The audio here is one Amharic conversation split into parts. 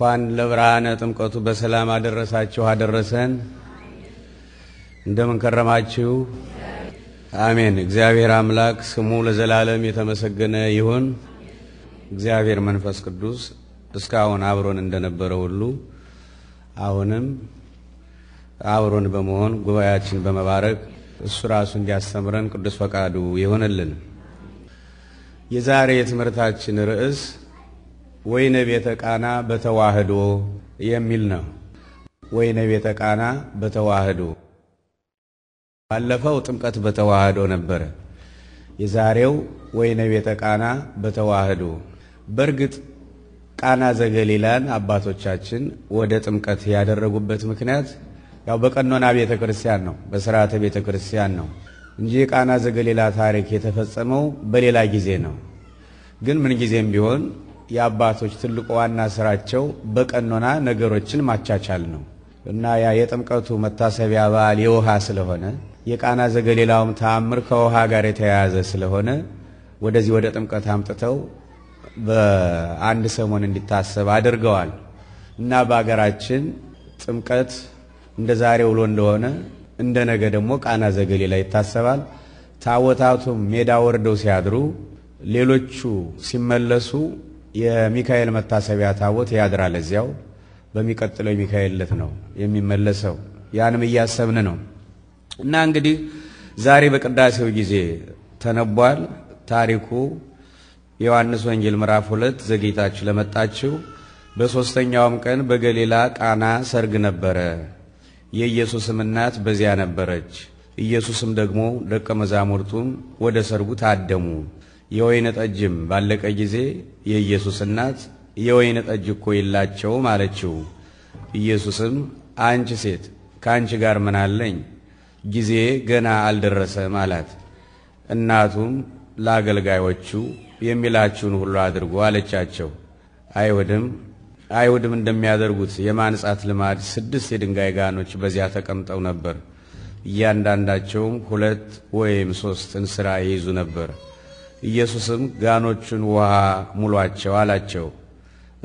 እንኳን ለብርሃነ ጥምቀቱ በሰላም አደረሳችሁ አደረሰን። እንደምን ከረማችሁ? አሜን። እግዚአብሔር አምላክ ስሙ ለዘላለም የተመሰገነ ይሁን። እግዚአብሔር መንፈስ ቅዱስ እስካሁን አብሮን እንደነበረ ሁሉ አሁንም አብሮን በመሆን ጉባኤያችን በመባረክ እሱ ራሱ እንዲያስተምረን ቅዱስ ፈቃዱ ይሆንልን። የዛሬ የትምህርታችን ርዕስ ወይነ ቤተ ቃና በተዋህዶ የሚል ነው። ወይነ ቤተ ቃና በተዋህዶ ባለፈው ጥምቀት በተዋህዶ ነበረ። የዛሬው ወይነ ቤተ ቃና በተዋህዶ በእርግጥ ቃና ዘገሊላን አባቶቻችን ወደ ጥምቀት ያደረጉበት ምክንያት ያው በቀኖና ቤተ ክርስቲያን ነው፣ በስርዓተ ቤተ ክርስቲያን ነው እንጂ የቃና ዘገሊላ ታሪክ የተፈጸመው በሌላ ጊዜ ነው። ግን ምን ጊዜም ቢሆን የአባቶች ትልቁ ዋና ስራቸው በቀኖና ነገሮችን ማቻቻል ነው እና ያ የጥምቀቱ መታሰቢያ በዓል የውሃ ስለሆነ የቃና ዘገሌላውም ተአምር ከውሃ ጋር የተያያዘ ስለሆነ ወደዚህ ወደ ጥምቀት አምጥተው በአንድ ሰሞን እንዲታሰብ አድርገዋል እና በሀገራችን ጥምቀት እንደ ዛሬ ውሎ እንደሆነ እንደ ነገ ደግሞ ቃና ዘገሌላ ይታሰባል። ታቦታቱም ሜዳ ወርደው ሲያድሩ ሌሎቹ ሲመለሱ የሚካኤል መታሰቢያ ታቦት ያድራል እዚያው። በሚቀጥለው የሚካኤል ዕለት ነው የሚመለሰው። ያንም እያሰብን ነው እና እንግዲህ ዛሬ በቅዳሴው ጊዜ ተነቧል ታሪኩ የዮሐንስ ወንጌል ምዕራፍ ሁለት ዘግይታችሁ ለመጣችሁ በሦስተኛውም ቀን በገሊላ ቃና ሰርግ ነበረ። የኢየሱስም እናት በዚያ ነበረች። ኢየሱስም ደግሞ ደቀ መዛሙርቱን ወደ ሰርጉ ታደሙ። የወይን ጠጅም ባለቀ ጊዜ የኢየሱስ እናት የወይን ጠጅ እኮ የላቸውም አለችው። ኢየሱስም አንቺ ሴት ከአንቺ ጋር ምን አለኝ? ጊዜ ገና አልደረሰም አላት። እናቱም ለአገልጋዮቹ የሚላችሁን ሁሉ አድርጎ አለቻቸው። አይሁድም አይሁድም እንደሚያደርጉት የማንጻት ልማድ ስድስት የድንጋይ ጋኖች በዚያ ተቀምጠው ነበር። እያንዳንዳቸውም ሁለት ወይም ሶስት እንስራ ይይዙ ነበር። ኢየሱስም ጋኖቹን ውሃ ሙሏቸው አላቸው።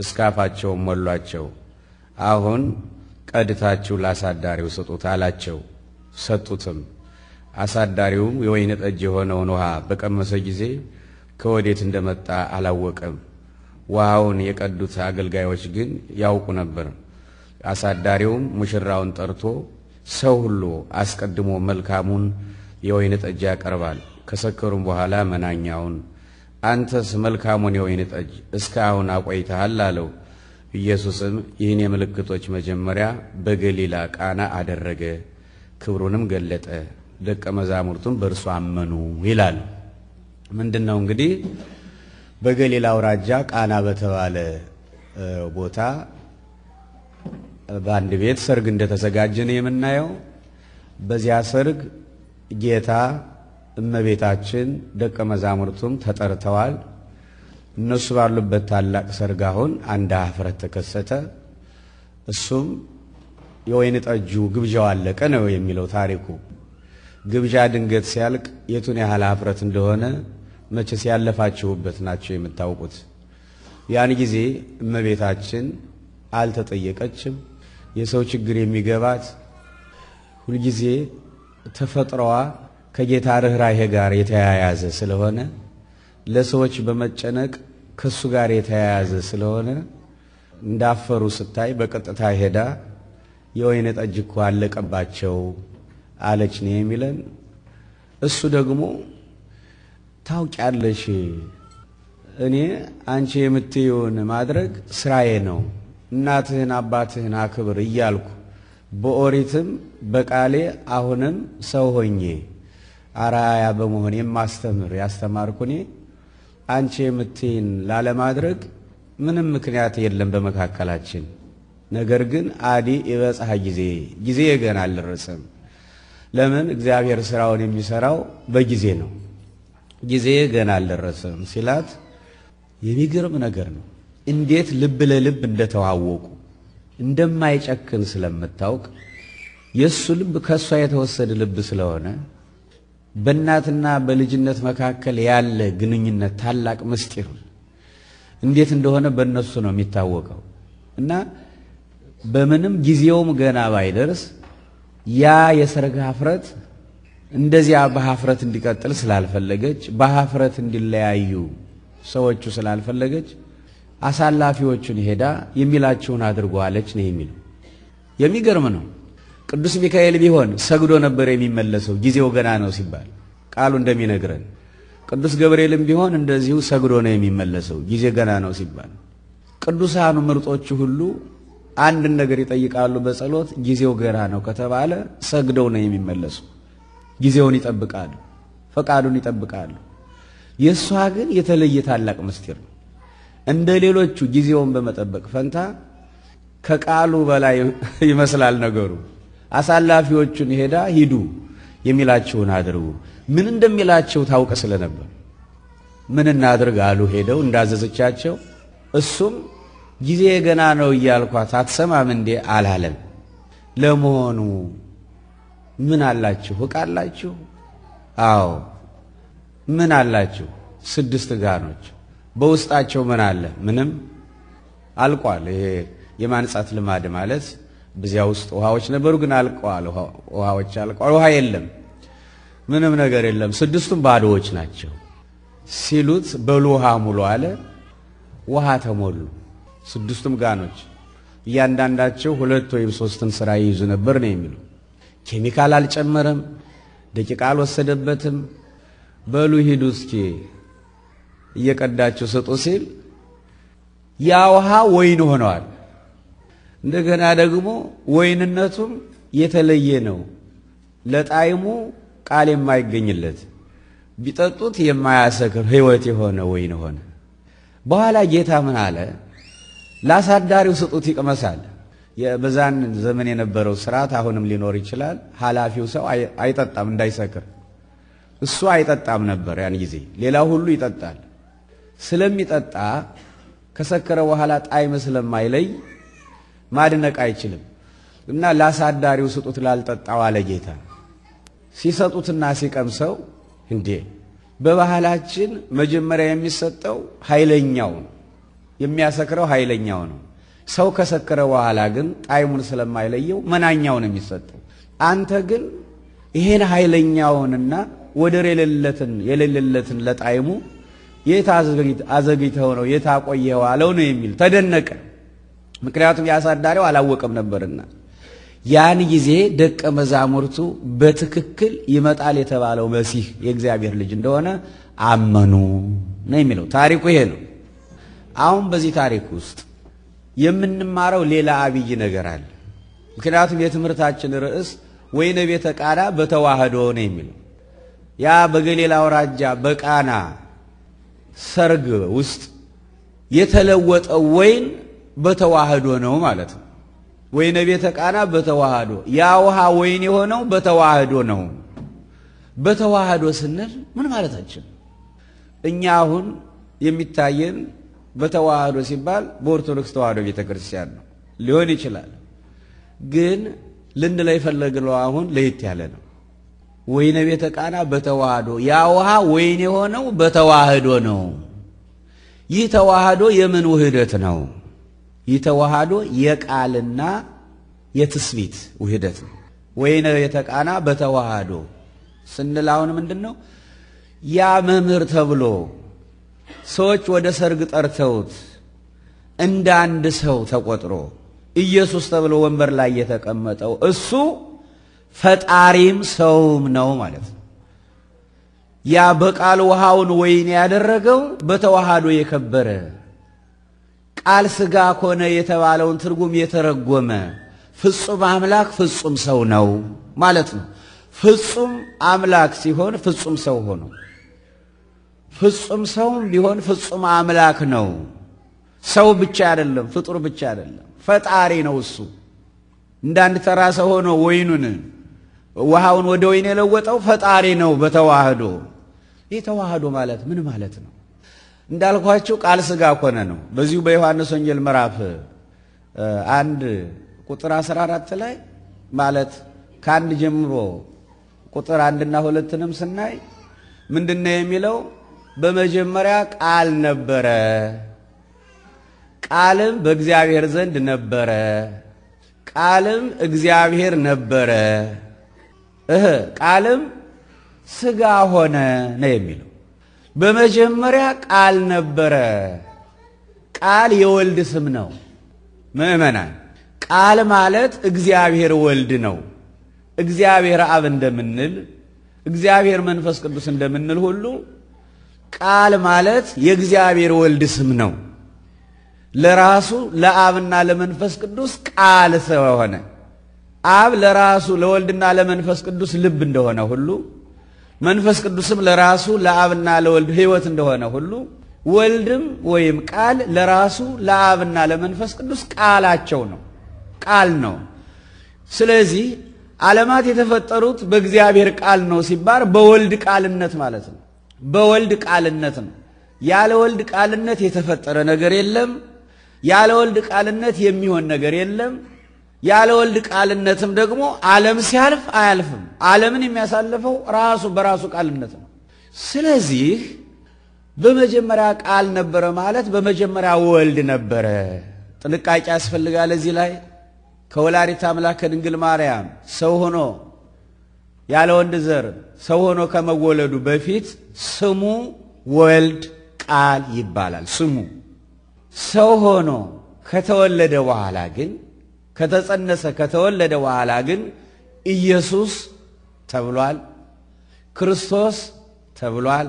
እስካፋቸውም ሞሏቸው። አሁን ቀድታችሁ ለአሳዳሪው ስጡት አላቸው። ሰጡትም። አሳዳሪውም የወይን ጠጅ የሆነውን ውሃ በቀመሰ ጊዜ ከወዴት እንደመጣ አላወቀም። ውሃውን የቀዱት አገልጋዮች ግን ያውቁ ነበር። አሳዳሪውም ሙሽራውን ጠርቶ ሰው ሁሉ አስቀድሞ መልካሙን የወይን ጠጅ ያቀርባል ከሰከሩም በኋላ መናኛውን አንተስ መልካሙን የወይን ጠጅ እስካሁን አቆይተሃል አለው። ኢየሱስም ይህን የምልክቶች መጀመሪያ በገሊላ ቃና አደረገ፣ ክብሩንም ገለጠ፣ ደቀ መዛሙርቱም በእርሱ አመኑ ይላል። ምንድን ነው እንግዲህ በገሊላ አውራጃ ቃና በተባለ ቦታ በአንድ ቤት ሰርግ እንደተዘጋጀ ነው የምናየው። በዚያ ሰርግ ጌታ እመቤታችን ደቀ መዛሙርቱም ተጠርተዋል። እነሱ ባሉበት ታላቅ ሰርግ አሁን አንድ አፍረት ተከሰተ። እሱም የወይን ጠጁ ግብዣው አለቀ ነው የሚለው ታሪኩ። ግብዣ ድንገት ሲያልቅ የቱን ያህል አፍረት እንደሆነ መቼስ ያለፋችሁበት ናቸው የምታውቁት። ያን ጊዜ እመቤታችን አልተጠየቀችም። የሰው ችግር የሚገባት ሁልጊዜ ተፈጥሮዋ ከጌታ ርኅራሄ ጋር የተያያዘ ስለሆነ ለሰዎች በመጨነቅ ከእሱ ጋር የተያያዘ ስለሆነ እንዳፈሩ ስታይ በቀጥታ ሄዳ የወይን ጠጅ እኮ አለቀባቸው አለች ነው የሚለን። እሱ ደግሞ ታውቂያለሽ፣ እኔ አንቺ የምትይውን ማድረግ ስራዬ ነው፣ እናትህን አባትህን አክብር እያልኩ በኦሪትም በቃሌ አሁንም ሰው ሆኜ አራያ በመሆን የማስተምር ያስተማርኩ እኔ አንቺ የምትይን ላለማድረግ ምንም ምክንያት የለም በመካከላችን። ነገር ግን አዲ ይበጽሐ ጊዜ ጊዜ ገና አልደረሰም። ለምን እግዚአብሔር ስራውን የሚሰራው በጊዜ ነው። ጊዜ ገና አልደረሰም ሲላት የሚገርም ነገር ነው። እንዴት ልብ ለልብ እንደተዋወቁ እንደማይጨክን ስለምታውቅ የእሱ ልብ ከእሷ የተወሰደ ልብ ስለሆነ በእናትና በልጅነት መካከል ያለ ግንኙነት ታላቅ ምስጢር እንዴት እንደሆነ በእነሱ ነው የሚታወቀው እና በምንም ጊዜውም ገና ባይደርስ ያ የሰርግ ሀፍረት እንደዚያ በሀፍረት እንዲቀጥል ስላልፈለገች በሀፍረት እንዲለያዩ ሰዎቹ ስላልፈለገች አሳላፊዎቹን ሄዳ የሚላችሁን አድርጓለች ነው የሚለው። የሚገርም ነው። ቅዱስ ሚካኤል ቢሆን ሰግዶ ነበር የሚመለሰው ጊዜው ገና ነው ሲባል ቃሉ እንደሚነግረን። ቅዱስ ገብርኤልም ቢሆን እንደዚሁ ሰግዶ ነው የሚመለሰው ጊዜ ገና ነው ሲባል። ቅዱሳኑ ምርጦቹ ሁሉ አንድን ነገር ይጠይቃሉ በጸሎት ጊዜው ገና ነው ከተባለ ሰግደው ነው የሚመለሱ። ጊዜውን ይጠብቃሉ፣ ፈቃዱን ይጠብቃሉ። የእሷ ግን የተለየ ታላቅ ምስጢር ነው። እንደ ሌሎቹ ጊዜውን በመጠበቅ ፈንታ ከቃሉ በላይ ይመስላል ነገሩ። አሳላፊዎቹን ሄዳ ሂዱ የሚላቸውን አድርጉ። ምን እንደሚላቸው ታውቅ ስለነበር ምን እናድርግ አሉ። ሄደው እንዳዘዘቻቸው እሱም ጊዜ ገና ነው እያልኳት አትሰማም እንዴ አላለም። ለመሆኑ ምን አላችሁ? ዕቃ አላችሁ? አዎ። ምን አላችሁ? ስድስት ጋኖች። በውስጣቸው ምን አለ? ምንም። አልቋል። ይሄ የማንጻት ልማድ ማለት በዚያ ውስጥ ውሃዎች ነበሩ፣ ግን አልቀዋል። ውሃዎች አልቀዋል። ውሃ የለም፣ ምንም ነገር የለም። ስድስቱም ባዶዎች ናቸው ሲሉት በሉ ውሃ ሙሉ አለ። ውሃ ተሞሉ። ስድስቱም ጋኖች እያንዳንዳቸው ሁለት ወይም ሶስትን ስራ ይይዙ ነበር ነው የሚሉ። ኬሚካል አልጨመረም፣ ደቂቃ አልወሰደበትም። በሉ ሂዱ እስኪ እየቀዳችሁ ስጡ ሲል ያ ውሃ ወይን ሆነዋል። እንደገና ደግሞ ወይንነቱም የተለየ ነው። ለጣዕሙ ቃል የማይገኝለት ቢጠጡት የማያሰክር ሕይወት የሆነ ወይን ሆነ። በኋላ ጌታ ምን አለ? ለአሳዳሪው ስጡት ይቅመሳል። በዛን ዘመን የነበረው ስርዓት አሁንም ሊኖር ይችላል። ኃላፊው ሰው አይጠጣም እንዳይሰክር። እሱ አይጠጣም ነበር ያን ጊዜ። ሌላ ሁሉ ይጠጣል። ስለሚጠጣ ከሰከረ በኋላ ጣዕም ስለማይለይ ማድነቅ አይችልም። እና ላሳዳሪው ስጡት ላልጠጣው አለ ጌታ። ሲሰጡትና ሲቀምሰው እንዴ በባህላችን መጀመሪያ የሚሰጠው ኃይለኛው ነው። የሚያሰክረው ኃይለኛው ነው። ሰው ከሰከረ በኋላ ግን ጣይሙን ስለማይለየው መናኛው ነው የሚሰጠው። አንተ ግን ይሄን ኃይለኛውንና ወደር የሌለትን የሌለለትን ለጣይሙ የት አዘግይተኸው ነው የት አቆየኸው አለው ነው የሚል ተደነቀ። ምክንያቱም ያሳዳሪው አላወቀም ነበርና ያን ጊዜ ደቀ መዛሙርቱ በትክክል ይመጣል የተባለው መሲህ የእግዚአብሔር ልጅ እንደሆነ አመኑ ነው የሚለው ታሪኩ ይሄ ነው። አሁን በዚህ ታሪክ ውስጥ የምንማረው ሌላ አብይ ነገር አለ። ምክንያቱም የትምህርታችን ርዕስ ወይነ ቤተ ቃና በተዋህዶ ነው የሚለው ያ በገሊላ አውራጃ በቃና ሰርግ ውስጥ የተለወጠው ወይን በተዋህዶ ነው ማለት ነው። ወይነ ቤተ ቃና በተዋህዶ ያ ውሃ ወይን የሆነው በተዋህዶ ነው። በተዋህዶ ስንል ምን ማለታችን? እኛ አሁን የሚታየን በተዋህዶ ሲባል በኦርቶዶክስ ተዋህዶ ቤተ ክርስቲያን ነው ሊሆን ይችላል። ግን ልንላ የፈለግነው አሁን ለየት ያለ ነው። ወይነ ቤተ ቃና በተዋህዶ ያ ውሃ ወይን የሆነው በተዋህዶ ነው። ይህ ተዋህዶ የምን ውህደት ነው? ይተዋሃዶ የቃልና የትስቢት ውህደት ነው። ወይነ የተቃና በተዋህዶ ስንል አሁን ምንድን ነው? ያ መምህር ተብሎ ሰዎች ወደ ሰርግ ጠርተውት እንደ አንድ ሰው ተቆጥሮ ኢየሱስ ተብሎ ወንበር ላይ የተቀመጠው እሱ ፈጣሪም ሰውም ነው ማለት ነው። ያ በቃል ውሃውን ወይን ያደረገው በተዋህዶ የከበረ ቃል ሥጋ ኮነ የተባለውን ትርጉም የተረጎመ ፍጹም አምላክ ፍጹም ሰው ነው ማለት ነው። ፍጹም አምላክ ሲሆን ፍጹም ሰው ሆኖ ፍጹም ሰውም ቢሆን ፍጹም አምላክ ነው። ሰው ብቻ አይደለም፣ ፍጡር ብቻ አይደለም፣ ፈጣሪ ነው። እሱ እንዳንድ ተራ ሰው ሆኖ ወይኑን ውሃውን ወደ ወይን የለወጠው ፈጣሪ ነው። በተዋህዶ ይህ ተዋህዶ ማለት ምን ማለት ነው? እንዳልኳችሁ ቃል ሥጋ ኮነ ነው። በዚሁ በዮሐንስ ወንጌል ምዕራፍ አንድ ቁጥር 14 ላይ ማለት ከአንድ ጀምሮ ቁጥር አንድና ሁለትንም ስናይ ምንድን ነው የሚለው? በመጀመሪያ ቃል ነበረ፣ ቃልም በእግዚአብሔር ዘንድ ነበረ፣ ቃልም እግዚአብሔር ነበረ፣ እህ ቃልም ሥጋ ሆነ ነው የሚለው በመጀመሪያ ቃል ነበረ። ቃል የወልድ ስም ነው። ምእመናን፣ ቃል ማለት እግዚአብሔር ወልድ ነው። እግዚአብሔር አብ እንደምንል፣ እግዚአብሔር መንፈስ ቅዱስ እንደምንል ሁሉ ቃል ማለት የእግዚአብሔር ወልድ ስም ነው። ለራሱ ለአብና ለመንፈስ ቅዱስ ቃል ስለሆነ አብ ለራሱ ለወልድና ለመንፈስ ቅዱስ ልብ እንደሆነ ሁሉ መንፈስ ቅዱስም ለራሱ ለአብና ለወልድ ሕይወት እንደሆነ ሁሉ ወልድም ወይም ቃል ለራሱ ለአብና ለመንፈስ ቅዱስ ቃላቸው ነው፣ ቃል ነው። ስለዚህ ዓለማት የተፈጠሩት በእግዚአብሔር ቃል ነው ሲባል በወልድ ቃልነት ማለት ነው። በወልድ ቃልነት ነው። ያለ ወልድ ቃልነት የተፈጠረ ነገር የለም። ያለ ወልድ ቃልነት የሚሆን ነገር የለም። ያለ ወልድ ቃልነትም ደግሞ ዓለም ሲያልፍ አያልፍም። ዓለምን የሚያሳልፈው ራሱ በራሱ ቃልነት ነው። ስለዚህ በመጀመሪያ ቃል ነበረ ማለት በመጀመሪያ ወልድ ነበረ። ጥንቃቄ ያስፈልጋል። እዚህ ላይ ከወላዲተ አምላክ ከድንግል ማርያም ሰው ሆኖ ያለ ወንድ ዘር ሰው ሆኖ ከመወለዱ በፊት ስሙ ወልድ ቃል ይባላል። ስሙ ሰው ሆኖ ከተወለደ በኋላ ግን ከተጸነሰ ከተወለደ በኋላ ግን ኢየሱስ ተብሏል፣ ክርስቶስ ተብሏል፣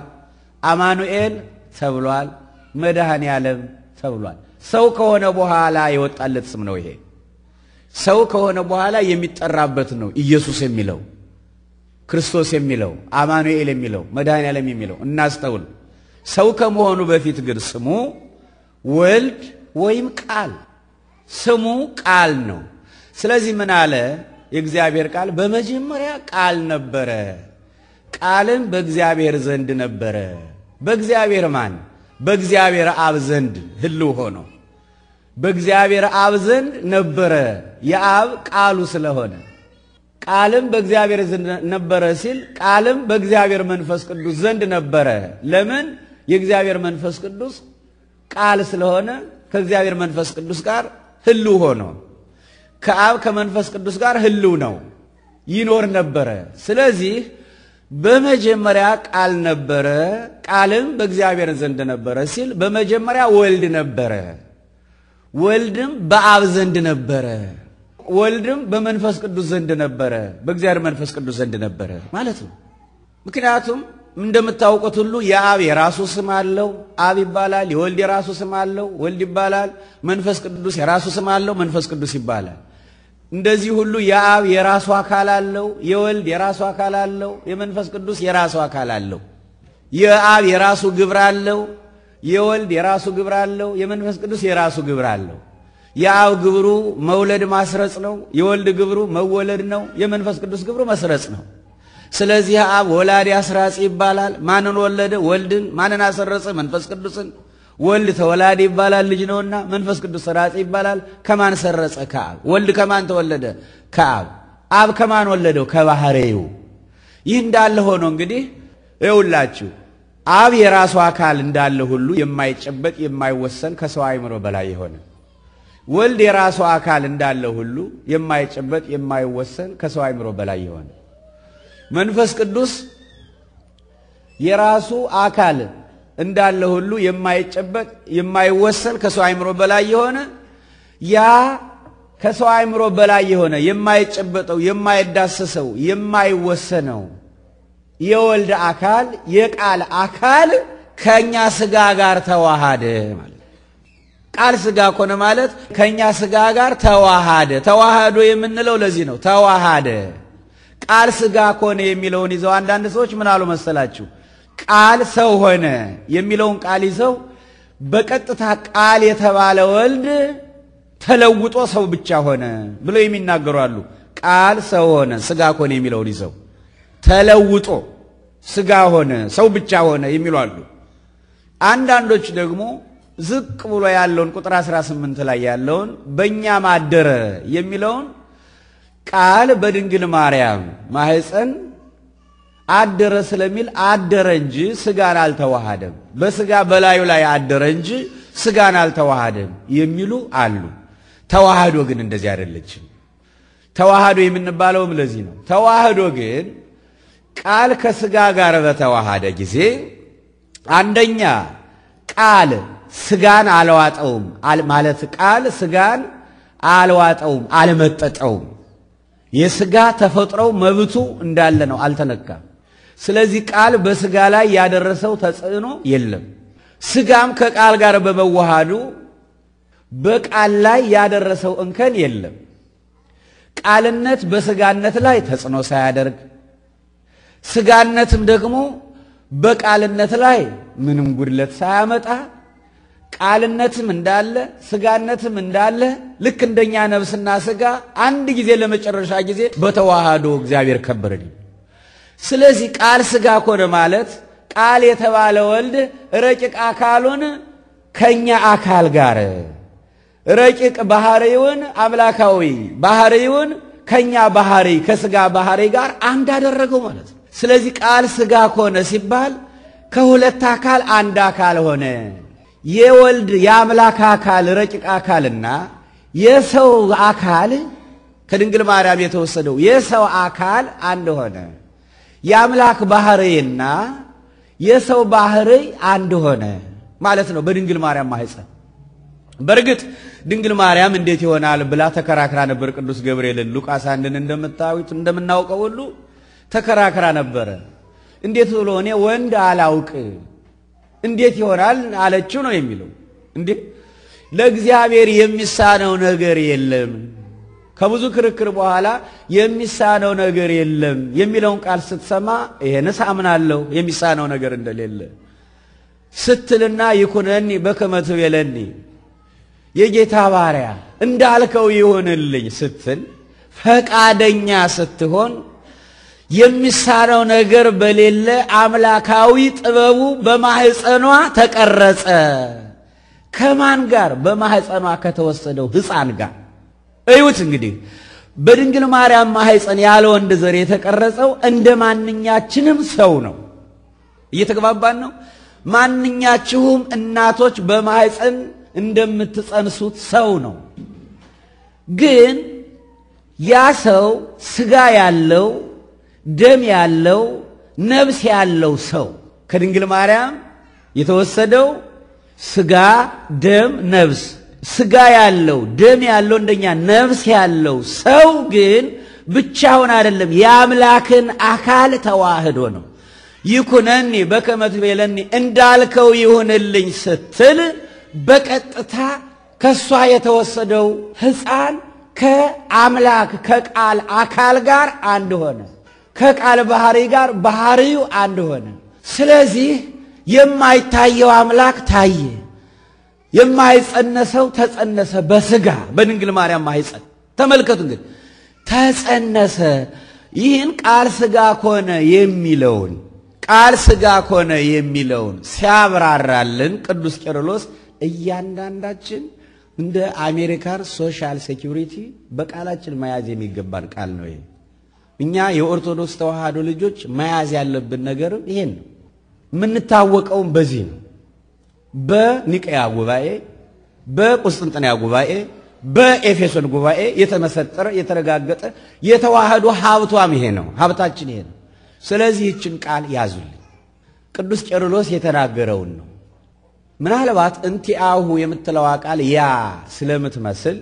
አማኑኤል ተብሏል፣ መድኃኔ ዓለም ተብሏል። ሰው ከሆነ በኋላ የወጣለት ስም ነው። ይሄ ሰው ከሆነ በኋላ የሚጠራበት ነው። ኢየሱስ የሚለው ክርስቶስ የሚለው አማኑኤል የሚለው መድኃኔ ዓለም የሚለው እናስተውል። ሰው ከመሆኑ በፊት ግን ስሙ ወልድ ወይም ቃል ስሙ ቃል ነው። ስለዚህ ምን አለ የእግዚአብሔር ቃል? በመጀመሪያ ቃል ነበረ፣ ቃልም በእግዚአብሔር ዘንድ ነበረ። በእግዚአብሔር ማን? በእግዚአብሔር አብ ዘንድ ሕልው ሆኖ በእግዚአብሔር አብ ዘንድ ነበረ። የአብ ቃሉ ስለሆነ ቃልም በእግዚአብሔር ዘንድ ነበረ ሲል ቃልም በእግዚአብሔር መንፈስ ቅዱስ ዘንድ ነበረ። ለምን? የእግዚአብሔር መንፈስ ቅዱስ ቃል ስለሆነ ከእግዚአብሔር መንፈስ ቅዱስ ጋር ህሉ ሆኖ ከአብ ከመንፈስ ቅዱስ ጋር ህሉ ነው ይኖር ነበረ። ስለዚህ በመጀመሪያ ቃል ነበረ፣ ቃልም በእግዚአብሔር ዘንድ ነበረ ሲል በመጀመሪያ ወልድ ነበረ፣ ወልድም በአብ ዘንድ ነበረ፣ ወልድም በመንፈስ ቅዱስ ዘንድ ነበረ፣ በእግዚአብሔር መንፈስ ቅዱስ ዘንድ ነበረ ማለት ነው። ምክንያቱም እንደምታውቁት ሁሉ የአብ የራሱ ስም አለው፣ አብ ይባላል። የወልድ የራሱ ስም አለው፣ ወልድ ይባላል። መንፈስ ቅዱስ የራሱ ስም አለው፣ መንፈስ ቅዱስ ይባላል። እንደዚህ ሁሉ የአብ የራሱ አካል አለው፣ የወልድ የራሱ አካል አለው፣ የመንፈስ ቅዱስ የራሱ አካል አለው። የአብ የራሱ ግብር አለው፣ የወልድ የራሱ ግብር አለው፣ የመንፈስ ቅዱስ የራሱ ግብር አለው። የአብ ግብሩ መውለድ ማስረጽ ነው። የወልድ ግብሩ መወለድ ነው። የመንፈስ ቅዱስ ግብሩ መስረጽ ነው። ስለዚህ አብ ወላዲ አስራጺ ይባላል። ማንን ወለደ? ወልድን። ማንን አሰረጸ? መንፈስ ቅዱስን። ወልድ ተወላዲ ይባላል፣ ልጅ ነውና። መንፈስ ቅዱስ ሰራጺ ይባላል። ከማን ሰረጸ? ከአብ። ወልድ ከማን ተወለደ? ከአብ። አብ ከማን ወለደው? ከባህሬው። ይህ እንዳለ ሆኖ እንግዲህ እውላችሁ አብ የራሱ አካል እንዳለ ሁሉ የማይጨበጥ የማይወሰን ከሰው አይምሮ በላይ የሆነ ወልድ የራሱ አካል እንዳለ ሁሉ የማይጨበጥ የማይወሰን ከሰው አይምሮ በላይ የሆነ መንፈስ ቅዱስ የራሱ አካል እንዳለ ሁሉ የማይጨበጥ የማይወሰል ከሰው አይምሮ በላይ የሆነ ያ ከሰው አእምሮ በላይ የሆነ የማይጨበጠው የማይዳሰሰው የማይወሰነው የወልድ አካል የቃል አካል ከእኛ ስጋ ጋር ተዋሃደ ማለት ቃል ስጋ ከሆነ ማለት ከእኛ ስጋ ጋር ተዋሃደ። ተዋህዶ የምንለው ለዚህ ነው። ተዋሃደ ቃል ስጋ ኮነ የሚለውን ይዘው አንዳንድ ሰዎች ምን አሉ መሰላችሁ? ቃል ሰው ሆነ የሚለውን ቃል ይዘው በቀጥታ ቃል የተባለ ወልድ ተለውጦ ሰው ብቻ ሆነ ብለው የሚናገሩ አሉ። ቃል ሰው ሆነ ስጋ ኮነ የሚለውን ይዘው ተለውጦ ስጋ ሆነ ሰው ብቻ ሆነ የሚሉ አሉ። አንዳንዶች ደግሞ ዝቅ ብሎ ያለውን ቁጥር 18 ላይ ያለውን በእኛ ማደረ የሚለውን ቃል በድንግል ማርያም ማህፀን አደረ ስለሚል አደረ እንጂ ስጋን አልተዋሃደም፣ በስጋ በላዩ ላይ አደረ እንጂ ስጋን አልተዋሃደም የሚሉ አሉ። ተዋህዶ ግን እንደዚህ አይደለችም። ተዋህዶ የምንባለውም ለዚህ ነው። ተዋህዶ ግን ቃል ከስጋ ጋር በተዋሃደ ጊዜ አንደኛ ቃል ስጋን አልዋጠውም ማለት ቃል ስጋን አልዋጠውም፣ አልመጠጠውም የስጋ ተፈጥሮው መብቱ እንዳለ ነው፣ አልተነካም። ስለዚህ ቃል በስጋ ላይ ያደረሰው ተጽዕኖ የለም። ስጋም ከቃል ጋር በመዋሃዱ በቃል ላይ ያደረሰው እንከን የለም። ቃልነት በስጋነት ላይ ተጽዕኖ ሳያደርግ፣ ስጋነትም ደግሞ በቃልነት ላይ ምንም ጉድለት ሳያመጣ ቃልነትም እንዳለ ስጋነትም እንዳለ ልክ እንደኛ ነፍስና ስጋ አንድ ጊዜ ለመጨረሻ ጊዜ በተዋህዶ እግዚአብሔር ከበረልኝ። ስለዚህ ቃል ስጋ ኮነ ማለት ቃል የተባለ ወልድ ረቂቅ አካሉን ከኛ አካል ጋር ረቂቅ ባህሪውን አምላካዊ ባህሪውን ከኛ ባህሪ ከስጋ ባህሪ ጋር አንድ አደረገው ማለት ነው። ስለዚህ ቃል ስጋ ኮነ ሲባል ከሁለት አካል አንድ አካል ሆነ። የወልድ የአምላክ አካል ረቂቅ አካልና የሰው አካል ከድንግል ማርያም የተወሰደው የሰው አካል አንድ ሆነ። የአምላክ ባህርይና የሰው ባህርይ አንድ ሆነ ማለት ነው በድንግል ማርያም ማህፀን። በእርግጥ ድንግል ማርያም እንዴት ይሆናል ብላ ተከራክራ ነበር። ቅዱስ ገብርኤልን ሉቃስ አንድን እንደምታዩት እንደምናውቀው ሁሉ ተከራክራ ነበረ። እንዴት ብሎ እኔ ወንድ አላውቅ እንዴት ይሆናል አለችው ነው የሚለው። እንዴ ለእግዚአብሔር የሚሳነው ነገር የለም። ከብዙ ክርክር በኋላ የሚሳነው ነገር የለም የሚለውን ቃል ስትሰማ ይሄንስ አምናለሁ የሚሳነው ነገር እንደሌለ ስትልና ይኩነኒ በከመ ትቤለኒ የጌታ ባሪያ እንዳልከው ይሆንልኝ ስትል ፈቃደኛ ስትሆን የሚሳነው ነገር በሌለ አምላካዊ ጥበቡ በማህፀኗ ተቀረጸ። ከማን ጋር? በማህፀኗ ከተወሰደው ህፃን ጋር። እዩት እንግዲህ በድንግል ማርያም ማህፀን ያለ ወንድ ዘር የተቀረጸው እንደ ማንኛችንም ሰው ነው። እየተግባባን ነው። ማንኛችሁም እናቶች በማህፀን እንደምትጸንሱት ሰው ነው። ግን ያ ሰው ስጋ ያለው ደም ያለው ነፍስ ያለው ሰው ከድንግል ማርያም የተወሰደው ስጋ፣ ደም፣ ነፍስ ስጋ ያለው ደም ያለው እንደኛ ነፍስ ያለው ሰው ግን ብቻውን አይደለም፣ የአምላክን አካል ተዋህዶ ነው። ይኩነኒ በከመ ትቤለኒ እንዳልከው ይሁንልኝ ስትል በቀጥታ ከእሷ የተወሰደው ሕፃን ከአምላክ ከቃል አካል ጋር አንድ ሆነ። ከቃል ባህሪ ጋር ባህሪው አንድ ሆነ። ስለዚህ የማይታየው አምላክ ታየ፣ የማይጸነሰው ተጸነሰ በስጋ በድንግል ማርያም ማኅፀን። ተመልከቱ እንግዲህ ተጸነሰ። ይህን ቃል ስጋ ኮነ የሚለውን ቃል ስጋ ኮነ የሚለውን ሲያብራራልን ቅዱስ ቄርሎስ እያንዳንዳችን እንደ አሜሪካን ሶሻል ሴኪሪቲ በቃላችን መያዝ የሚገባን ቃል ነው ይሄ። እኛ የኦርቶዶክስ ተዋህዶ ልጆች መያዝ ያለብን ነገር ይሄን ነው። የምንታወቀውም በዚህ ነው። በኒቀያ ጉባኤ፣ በቁስጥንጥንያ ጉባኤ፣ በኤፌሶን ጉባኤ የተመሰጠረ የተረጋገጠ የተዋህዶ ሀብቷም ይሄ ነው። ሀብታችን ይሄ ነው። ስለዚህ ይችን ቃል ያዙልኝ። ቅዱስ ቄርሎስ የተናገረውን ነው። ምናልባት እንቲአሁ የምትለዋ ቃል ያ ስለምትመስል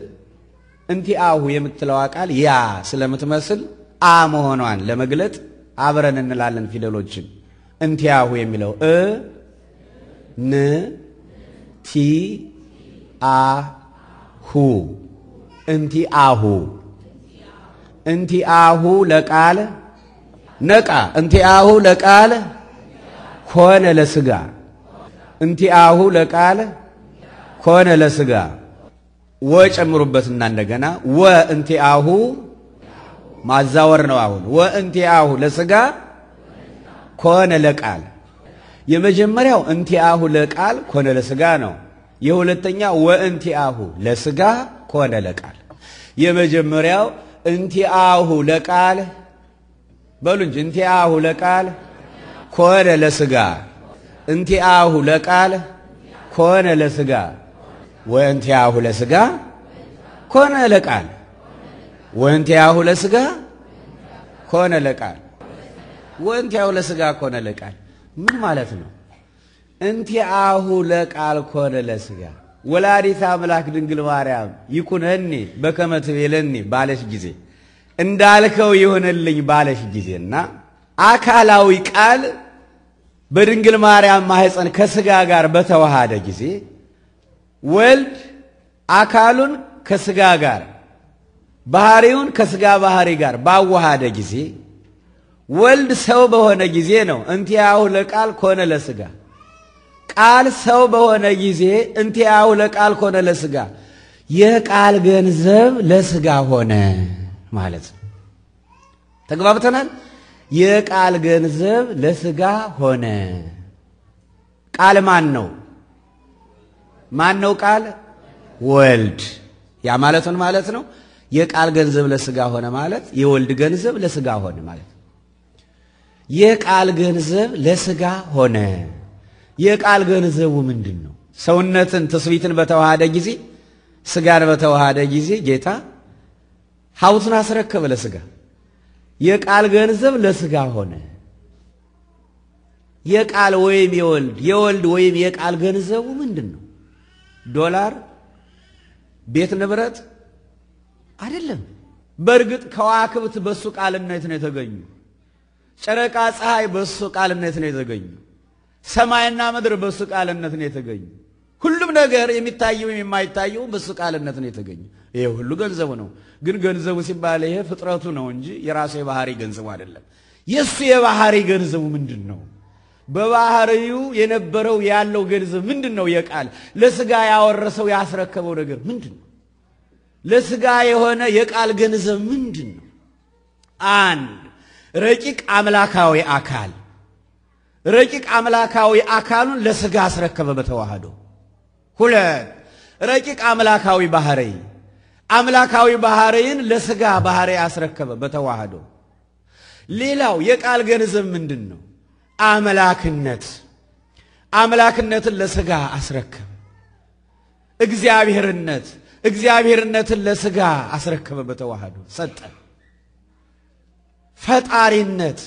እንቲአሁ የምትለዋ ቃል ያ ስለምትመስል አ መሆኗን ለመግለጥ አብረን እንላለን ፊደሎችን እንቲያሁ የሚለው እ ን ቲ አ ሁ እንቲ አሁ እንቲ አሁ ለቃል ነቃ እንቲ አሁ ለቃል ኮነ ለስጋ እንቲ አሁ ለቃል ኮነ ለስጋ ወ ጨምሩበትና እንደገና ወ እንቲ አሁ ማዛወር ነው። አሁን ወእንቲአሁ ለስጋ ኮነ ለቃል የመጀመሪያው እንቲአሁ ለቃል ኮነ ለስጋ ነው። የሁለተኛ ወእንቲአሁ ለስጋ ኮነ ለቃል የመጀመሪያው እንቲአሁ ለቃል በሉ እንጂ እንቲአሁ ለቃል ኮነ ለስጋ እንቲአሁ ለቃል ኮነ ለስጋ ወእንቲአሁ ለስጋ ኮነ ለቃል ወንቲያሁ ለሥጋ ኮነ ለቃል ወንቲያሁ ለሥጋ ኮነ ለቃል ምን ማለት ነው? አሁለ ለቃል ኮነ ለስጋ ወላዲታ አምላክ ድንግል ማርያም ይኩነኒ በከመ ትቤለኒ ባለሽ ጊዜ እንዳልከው የሆነልኝ ባለሽ ጊዜና አካላዊ ቃል በድንግል ማርያም ማህፀን ከስጋ ጋር በተዋሃደ ጊዜ ወልድ አካሉን ከስጋ ጋር ባህሪውን ከስጋ ባህሪ ጋር ባዋሃደ ጊዜ ወልድ ሰው በሆነ ጊዜ ነው። እንቲያው ለቃል ኮነ ለስጋ ቃል ሰው በሆነ ጊዜ እንቲያው ለቃል ኮነ ለስጋ የቃል ገንዘብ ለስጋ ሆነ ማለት ነው። ተግባብተናል። የቃል ገንዘብ ለስጋ ሆነ። ቃል ማን ነው? ማን ነው ቃል? ወልድ። ያ ማለቱን ማለት ነው የቃል ገንዘብ ለስጋ ሆነ ማለት የወልድ ገንዘብ ለስጋ ሆነ ማለት የቃል ገንዘብ ለስጋ ሆነ። የቃል ገንዘቡ ምንድን ነው? ሰውነትን ትስቢትን በተዋሃደ ጊዜ ስጋን በተዋሃደ ጊዜ ጌታ ሀብቱን አስረከበ ለስጋ የቃል ገንዘብ ለስጋ ሆነ። የቃል ወይም የወልድ የወልድ ወይም የቃል ገንዘቡ ምንድን ነው? ዶላር፣ ቤት ንብረት አይደለም። በእርግጥ ከዋክብት በሱ ቃልነት ነው የተገኙ። ጨረቃ፣ ፀሐይ በሱ ቃልነት ነው የተገኙ። ሰማይና ምድር በሱ ቃልነት ነው የተገኙ። ሁሉም ነገር የሚታየው የማይታየው በሱ ቃልነት ነው የተገኙ ይሄ ሁሉ ገንዘቡ ነው። ግን ገንዘቡ ሲባል ይሄ ፍጥረቱ ነው እንጂ የራሱ የባህሪ ገንዘቡ አይደለም። የእሱ የባህሪ ገንዘቡ ምንድን ነው? በባህሪው የነበረው ያለው ገንዘብ ምንድን ነው? የቃል ለስጋ ያወረሰው ያስረከበው ነገር ምንድን ነው? ለስጋ የሆነ የቃል ገንዘብ ምንድን ነው? አንድ ረቂቅ አምላካዊ አካል ረቂቅ አምላካዊ አካሉን ለስጋ አስረከበ በተዋህዶ። ሁለት ረቂቅ አምላካዊ ባህርይ አምላካዊ ባህርይን ለስጋ ባህርይ አስረከበ በተዋህዶ። ሌላው የቃል ገንዘብ ምንድን ነው? አምላክነት አምላክነትን ለስጋ አስረከበ። እግዚአብሔርነት እግዚአብሔርነትን ለስጋ አስረከበ፣ በተዋህዶ ሰጠ። ፈጣሪነት፣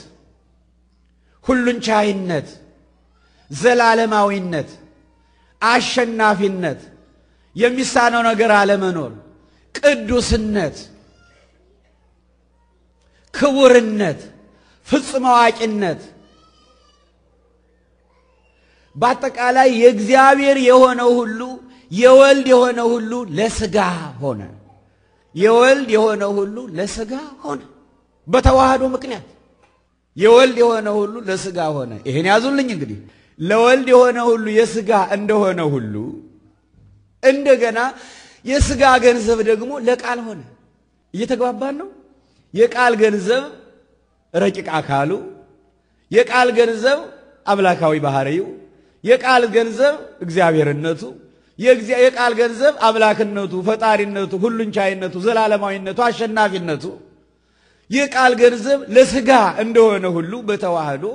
ሁሉን ቻይነት፣ ዘላለማዊነት፣ አሸናፊነት፣ የሚሳነው ነገር አለመኖር፣ ቅዱስነት፣ ክቡርነት፣ ፍጹም አዋቂነት በአጠቃላይ የእግዚአብሔር የሆነው ሁሉ የወልድ የሆነ ሁሉ ለስጋ ሆነ። የወልድ የሆነ ሁሉ ለስጋ ሆነ። በተዋህዶ ምክንያት የወልድ የሆነ ሁሉ ለስጋ ሆነ። ይሄን ያዙልኝ እንግዲህ ለወልድ የሆነ ሁሉ የስጋ እንደሆነ ሁሉ እንደገና የስጋ ገንዘብ ደግሞ ለቃል ሆነ። እየተግባባን ነው። የቃል ገንዘብ ረቂቅ አካሉ፣ የቃል ገንዘብ አምላካዊ ባህሪው፣ የቃል ገንዘብ እግዚአብሔርነቱ የቃል ገንዘብ አምላክነቱ፣ ፈጣሪነቱ፣ ሁሉን ቻይነቱ፣ ዘላለማዊነቱ፣ አሸናፊነቱ የቃል ገንዘብ ለስጋ እንደሆነ ሁሉ በተዋህዶ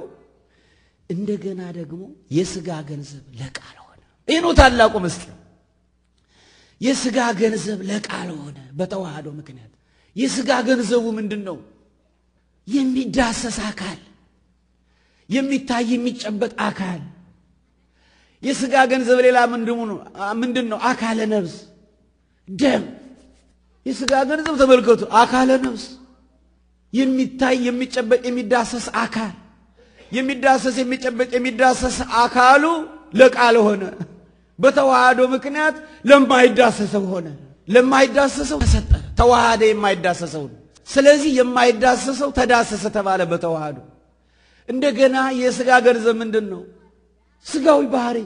እንደገና ደግሞ የስጋ ገንዘብ ለቃል ሆነ። ይህ ነው ታላቁ ምስጢር። የስጋ ገንዘብ ለቃል ሆነ በተዋህዶ ምክንያት። የስጋ ገንዘቡ ምንድን ነው? የሚዳሰስ አካል፣ የሚታይ የሚጨበጥ አካል የስጋ ገንዘብ ሌላ ምንድን ነው? አካለ ነብስ ደም። የስጋ ገንዘብ ተመልከቱ፣ አካለ ነብስ የሚታይ የሚጨበጥ የሚዳሰስ አካል የሚዳሰስ የሚጨበጥ የሚዳሰስ አካሉ ለቃል ሆነ። በተዋህዶ ምክንያት ለማይዳሰሰው ሆነ። ለማይዳሰሰው ተሰጠ፣ ተዋሃደ የማይዳሰሰው ስለዚህ የማይዳሰሰው ተዳሰሰ ተባለ በተዋህዶ። እንደገና የስጋ ገንዘብ ምንድን ነው? ስጋዊ ባህሪ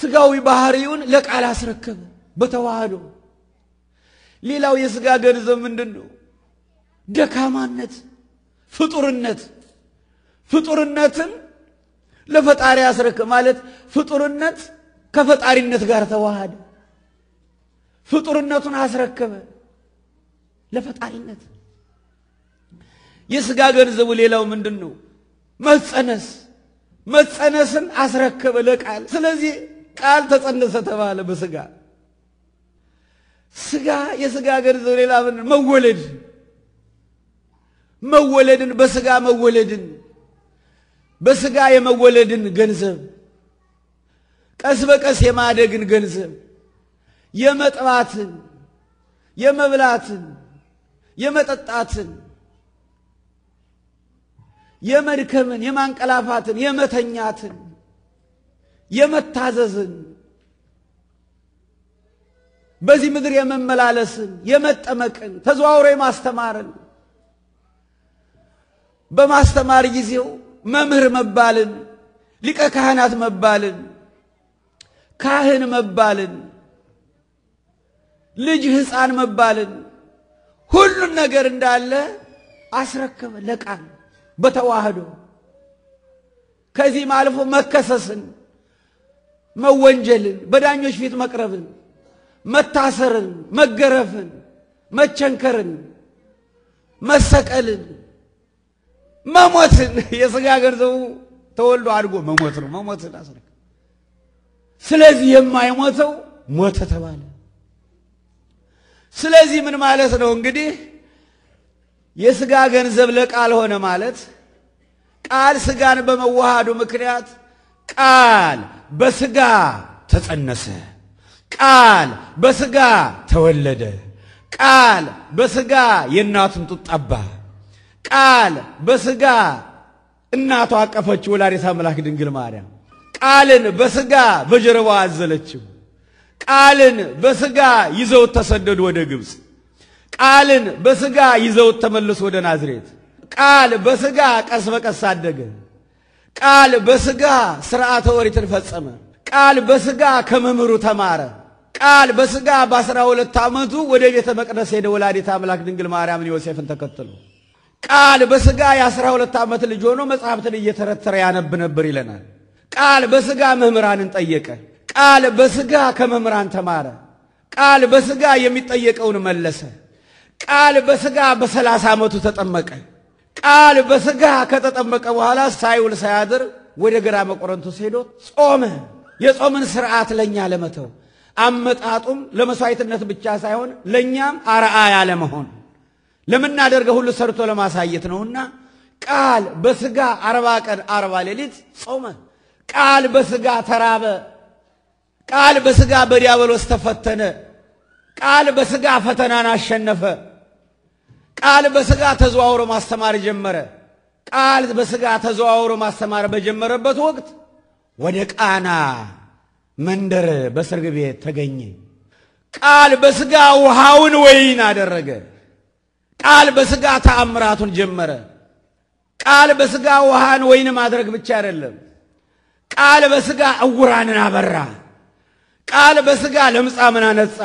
ስጋዊ ባህሪውን ለቃል አስረከበ በተዋህዶ። ሌላው የስጋ ገንዘብ ምንድን ነው? ደካማነት፣ ፍጡርነት። ፍጡርነትን ለፈጣሪ አስረከ ማለት ፍጡርነት ከፈጣሪነት ጋር ተዋሃደ። ፍጡርነቱን አስረከበ ለፈጣሪነት። የስጋ ገንዘቡ ሌላው ምንድን ነው? መጸነስ መጸነስን አስረከበ ለቃል። ስለዚህ ቃል ተጸነሰ ተባለ በስጋ ስጋ የስጋ ገንዘብ ሌላ ምን መወለድ መወለድን በስጋ መወለድን በስጋ የመወለድን ገንዘብ ቀስ በቀስ የማደግን ገንዘብ የመጥባትን፣ የመብላትን፣ የመጠጣትን የመድከምን፣ የማንቀላፋትን፣ የመተኛትን፣ የመታዘዝን፣ በዚህ ምድር የመመላለስን፣ የመጠመቅን፣ ተዘዋውሮ የማስተማርን፣ በማስተማር ጊዜው መምህር መባልን፣ ሊቀ ካህናት መባልን፣ ካህን መባልን፣ ልጅ ሕፃን መባልን ሁሉን ነገር እንዳለ አስረከበ ለቃል በተዋህዶ ከዚህም አልፎ መከሰስን፣ መወንጀልን፣ በዳኞች ፊት መቅረብን፣ መታሰርን፣ መገረፍን፣ መቸንከርን፣ መሰቀልን፣ መሞትን የስጋ ገንዘቡ ተወልዶ አድጎ መሞት ነው። መሞትን አስረ ስለዚህ የማይሞተው ሞተ ተባለ። ስለዚህ ምን ማለት ነው እንግዲህ የስጋ ገንዘብ ለቃል ሆነ ማለት ቃል ስጋን በመዋሃዱ ምክንያት ቃል በስጋ ተጸነሰ፣ ቃል በስጋ ተወለደ፣ ቃል በስጋ የእናቱን ጡት ጠባ፣ ቃል በስጋ እናቷ አቀፈች ወላዲተ አምላክ ድንግል ማርያም። ቃልን በስጋ በጀርባ አዘለችው። ቃልን በስጋ ይዘውት ተሰደዱ ወደ ግብፅ። ቃልን በስጋ ይዘውት ተመልሶ ወደ ናዝሬት። ቃል በስጋ ቀስ በቀስ አደገ። ቃል በስጋ ስርዓተ ኦሪትን ፈጸመ። ቃል በስጋ ከመምህሩ ተማረ። ቃል በስጋ በአስራ ሁለት ዓመቱ ወደ ቤተ መቅደስ ሄደ፣ ወላዲተ አምላክ ድንግል ማርያምን ዮሴፍን ተከትሎ። ቃል በስጋ የአስራ ሁለት ዓመት ልጅ ሆኖ መጽሐፍትን እየተረተረ ያነብ ነበር ይለናል። ቃል በስጋ መምህራንን ጠየቀ። ቃል በስጋ ከመምህራን ተማረ። ቃል በስጋ የሚጠየቀውን መለሰ። ቃል በስጋ በሰላሳ ዓመቱ ተጠመቀ። ቃል በስጋ ከተጠመቀ በኋላ ሳይውል ሳያድር ወደ ገዳመ ቆሮንቶስ ሄዶ ጾመ። የጾምን ስርዓት ለእኛ ለመተው አመጣጡም ለመስዋዕትነት ብቻ ሳይሆን ለእኛም አርአያ ለመሆን ለምናደርገው ሁሉ ሰርቶ ለማሳየት ነውና ቃል በስጋ አርባ ቀን አርባ ሌሊት ጾመ። ቃል በስጋ ተራበ። ቃል በስጋ በዲያብሎስ ተፈተነ። ቃል በስጋ ፈተናን አሸነፈ። ቃል በስጋ ተዘዋውሮ ማስተማር ጀመረ። ቃል በስጋ ተዘዋውሮ ማስተማር በጀመረበት ወቅት ወደ ቃና መንደር በሰርግ ቤት ተገኘ። ቃል በስጋ ውሃውን ወይን አደረገ። ቃል በስጋ ተአምራቱን ጀመረ። ቃል በስጋ ውሃን ወይን ማድረግ ብቻ አይደለም። ቃል በስጋ እውራንን አበራ። ቃል በስጋ ለምጻምን አነጻ።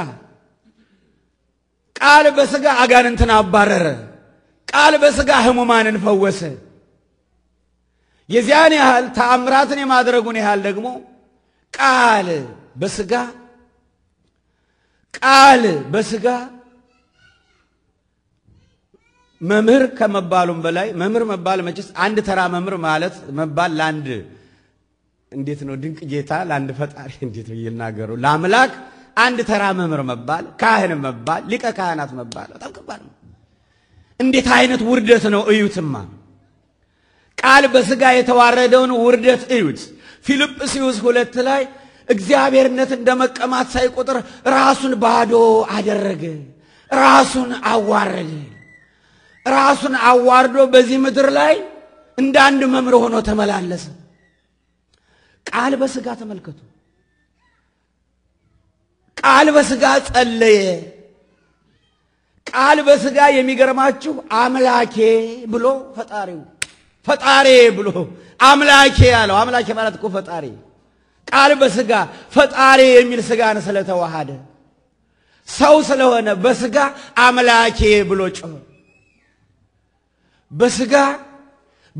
ቃል በስጋ አጋንንትን አባረረ። ቃል በስጋ ህሙማንን ፈወሰ። የዚያን ያህል ተአምራትን የማድረጉን ያህል ደግሞ ቃል በስጋ ቃል በስጋ መምህር ከመባሉም በላይ መምህር መባል መቼስ አንድ ተራ መምህር ማለት መባል ለአንድ እንዴት ነው ድንቅ ጌታ ለአንድ ፈጣሪ እንዴት ነው ይናገሩ ለአምላክ አንድ ተራ መምህር መባል፣ ካህን መባል፣ ሊቀ ካህናት መባል በጣም ከባድ ነው። እንዴት አይነት ውርደት ነው! እዩትማ። ቃል በስጋ የተዋረደውን ውርደት እዩት። ፊልጵስዩስ ሁለት ላይ እግዚአብሔርነት እንደ መቀማት ሳይቆጥር ራሱን ባዶ አደረገ፣ ራሱን አዋረደ። ራሱን አዋርዶ በዚህ ምድር ላይ እንደ አንድ መምህር ሆኖ ተመላለሰ። ቃል በስጋ ተመልከቱ። ቃል በስጋ ጸለየ። ቃል በስጋ የሚገርማችሁ አምላኬ ብሎ ፈጣሪው ፈጣሪ ብሎ አምላኬ ያለው አምላኬ ማለት እኮ ፈጣሪ ቃል በስጋ ፈጣሪ የሚል ስጋን ስለተዋሃደ ሰው ስለሆነ በስጋ አምላኬ ብሎ ጮኸ። በስጋ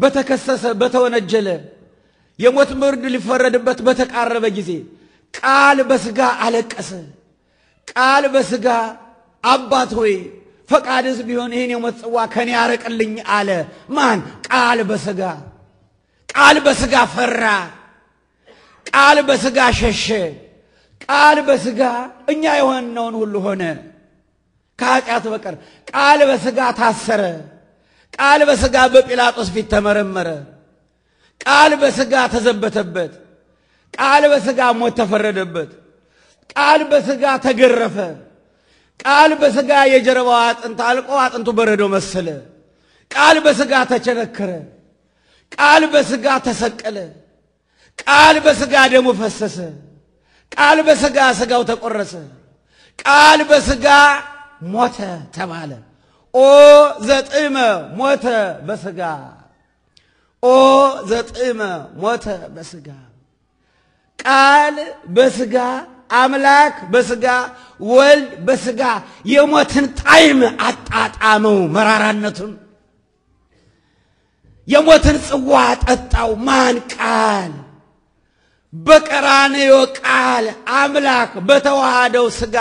በተከሰሰ በተወነጀለ የሞት ምርድ ሊፈረድበት በተቃረበ ጊዜ ቃል በስጋ አለቀሰ። ቃል በስጋ አባት ሆይ ፈቃድስ ቢሆን ይህን የሞት ጽዋ ከኔ ያርቅልኝ አለ። ማን? ቃል በስጋ ቃል በስጋ ፈራ። ቃል በስጋ ሸሸ። ቃል በስጋ እኛ የሆነውን ሁሉ ሆነ ከኃጢአት በቀር። ቃል በስጋ ታሰረ። ቃል በስጋ በጲላጦስ ፊት ተመረመረ። ቃል በስጋ ተዘበተበት። ቃል በስጋ ሞት ተፈረደበት። ቃል በስጋ ተገረፈ። ቃል በስጋ የጀርባው አጥንት አልቆ አጥንቱ በረዶ መሰለ። ቃል በስጋ ተቸነከረ። ቃል በስጋ ተሰቀለ። ቃል በስጋ ደሙ ፈሰሰ። ቃል በስጋ ስጋው ተቆረሰ። ቃል በስጋ ሞተ ተባለ። ኦ ዘጥመ ሞተ በስጋ ኦ ዘጥመ ሞተ በስጋ ቃል በስጋ አምላክ በስጋ ወልድ በስጋ የሞትን ጣዕም አጣጣመው፣ መራራነቱን የሞትን ጽዋ ጠጣው። ማን ቃል በቀራንዮ ቃል አምላክ በተዋሃደው ስጋ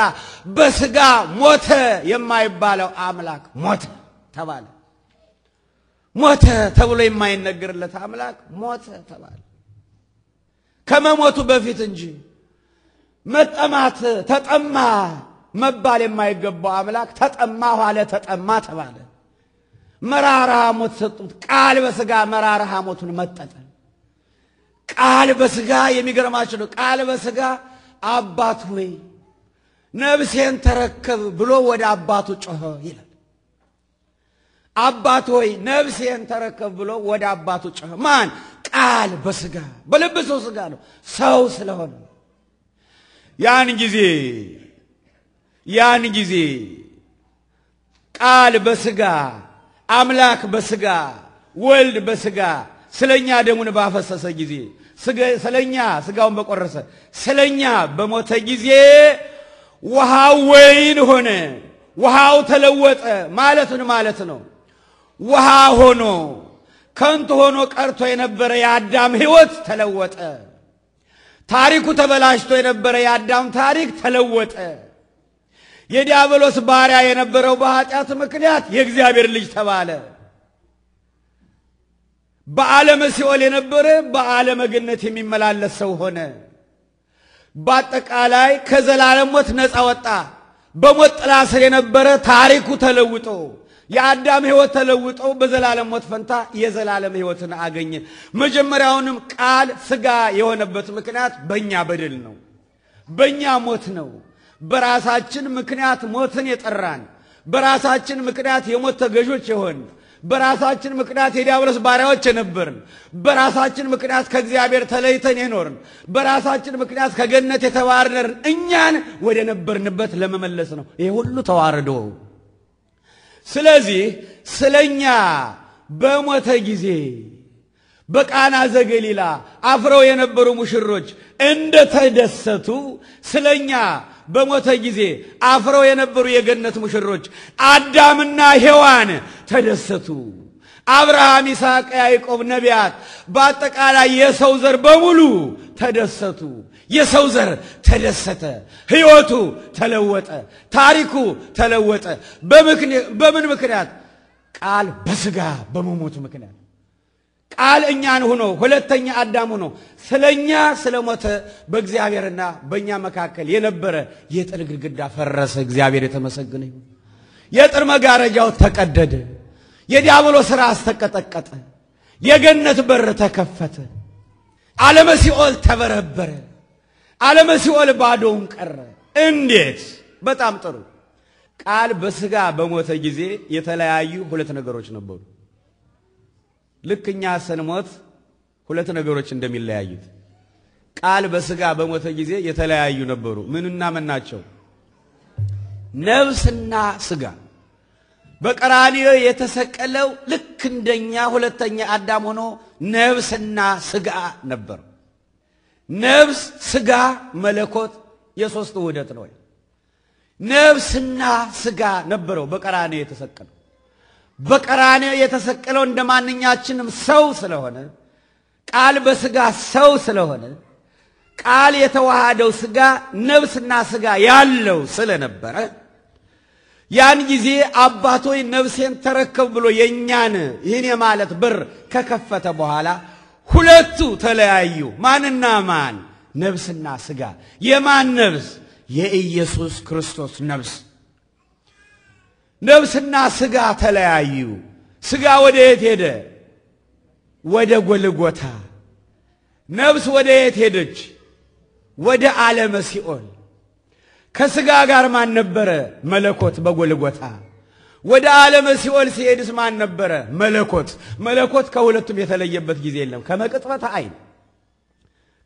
በስጋ ሞተ። የማይባለው አምላክ ሞተ ተባለ። ሞተ ተብሎ የማይነገርለት አምላክ ሞተ ተባለ። ከመሞቱ በፊት እንጂ መጠማት ተጠማ መባል የማይገባው አምላክ ተጠማ ኋለ ተጠማ ተባለ። መራራ ሐሞት ሰጡት። ቃል በስጋ መራራ ሐሞቱን መጠጠ። ቃል በስጋ የሚገርማችሁ ነው። ቃል በስጋ አባት ሆይ ነብሴን ተረከብ ብሎ ወደ አባቱ ጮኸ ይላል። አባት ሆይ ነብሴን ተረከብ ብሎ ወደ አባቱ ጮኸ። ማን ቃል በስጋ በለበሰው ስጋ ነው፣ ሰው ስለሆነ ያን ጊዜ ያን ጊዜ ቃል በስጋ አምላክ በስጋ ወልድ በስጋ ስለኛ ደሙን ባፈሰሰ ጊዜ ስለኛ ስጋውን በቆረሰ ስለኛ በሞተ ጊዜ ውሃው ወይን ሆነ። ውሃው ተለወጠ ማለትን ማለት ነው? ውሃ ሆኖ ከንቱ ሆኖ ቀርቶ የነበረ የአዳም ሕይወት ተለወጠ። ታሪኩ ተበላሽቶ የነበረ የአዳም ታሪክ ተለወጠ። የዲያብሎስ ባሪያ የነበረው በኃጢአት ምክንያት የእግዚአብሔር ልጅ ተባለ። በዓለመ ሲኦል የነበረ በዓለመ ገነት የሚመላለስ ሰው ሆነ። በአጠቃላይ ከዘላለም ሞት ነፃ ወጣ። በሞት ጥላ ስር የነበረ ታሪኩ ተለውጦ የአዳም ሕይወት ተለውጦ በዘላለም ሞት ፈንታ የዘላለም ሕይወትን አገኘ። መጀመሪያውንም ቃል ሥጋ የሆነበት ምክንያት በእኛ በደል ነው፣ በእኛ ሞት ነው። በራሳችን ምክንያት ሞትን የጠራን፣ በራሳችን ምክንያት የሞት ተገዦች የሆን፣ በራሳችን ምክንያት የዲያብሎስ ባሪያዎች የነበርን፣ በራሳችን ምክንያት ከእግዚአብሔር ተለይተን የኖርን፣ በራሳችን ምክንያት ከገነት የተባረርን እኛን ወደ ነበርንበት ለመመለስ ነው ይህ ሁሉ ተዋርዶ ስለዚህ ስለኛ በሞተ ጊዜ በቃና ዘገሊላ አፍረው የነበሩ ሙሽሮች እንደተደሰቱ ስለኛ በሞተ ጊዜ አፍረው የነበሩ የገነት ሙሽሮች አዳምና ሔዋን ተደሰቱ። አብርሃም፣ ይስሐቅ፣ ያዕቆብ፣ ነቢያት፣ በአጠቃላይ የሰው ዘር በሙሉ ተደሰቱ። የሰው ዘር ተደሰተ፣ ሕይወቱ ተለወጠ፣ ታሪኩ ተለወጠ። በምን ምክንያት? ቃል በስጋ በመሞቱ ምክንያት ቃል እኛን ሆኖ ሁለተኛ አዳም ሆኖ ስለኛ ስለሞተ በእግዚአብሔርና በእኛ መካከል የነበረ የጥል ግድግዳ ፈረሰ። እግዚአብሔር የተመሰገነ ይሁን። መጋረጃው ተቀደደ። የዲያብሎ ሥራ አስተቀጠቀጠ። የገነት በር ተከፈተ። ዓለመ ሲኦል ተበረበረ። ዓለመ ሲኦል ባዶውን ቀረ። እንዴት? በጣም ጥሩ። ቃል በስጋ በሞተ ጊዜ የተለያዩ ሁለት ነገሮች ነበሩ። ልክ እኛ ስንሞት ሁለት ነገሮች እንደሚለያዩት ቃል በስጋ በሞተ ጊዜ የተለያዩ ነበሩ። ምንና ምን ናቸው? ነፍስና ስጋ። በቀራንዮ የተሰቀለው ልክ እንደኛ ሁለተኛ አዳም ሆኖ ነፍስና ስጋ ነበር። ነፍስ፣ ስጋ፣ መለኮት የሶስት ውህደት ነው። ነፍስና ስጋ ነበረው በቀራኔ የተሰቀለው። በቀራኔ የተሰቀለው እንደ ማንኛችንም ሰው ስለሆነ ቃል በስጋ ሰው ስለሆነ ቃል የተዋሃደው ስጋ ነፍስና ስጋ ያለው ስለነበረ ያን ጊዜ አባቶይ ነፍሴን ተረከብ ብሎ የእኛን ይህን የማለት በር ከከፈተ በኋላ ሁለቱ ተለያዩ። ማንና ማን? ነፍስና ስጋ። የማን ነፍስ? የኢየሱስ ክርስቶስ ነፍስ። ነፍስና ስጋ ተለያዩ። ስጋ ወደ የት ሄደ? ወደ ጎልጎታ። ነፍስ ወደ የት ሄደች? ወደ ዓለመ ሲኦል። ከስጋ ጋር ማን ነበረ? መለኮት በጎልጎታ ወደ ዓለመ ሲኦል ሲሄድስ ማን ነበረ? መለኮት። መለኮት ከሁለቱም የተለየበት ጊዜ የለም። ከመቅጽበት አይን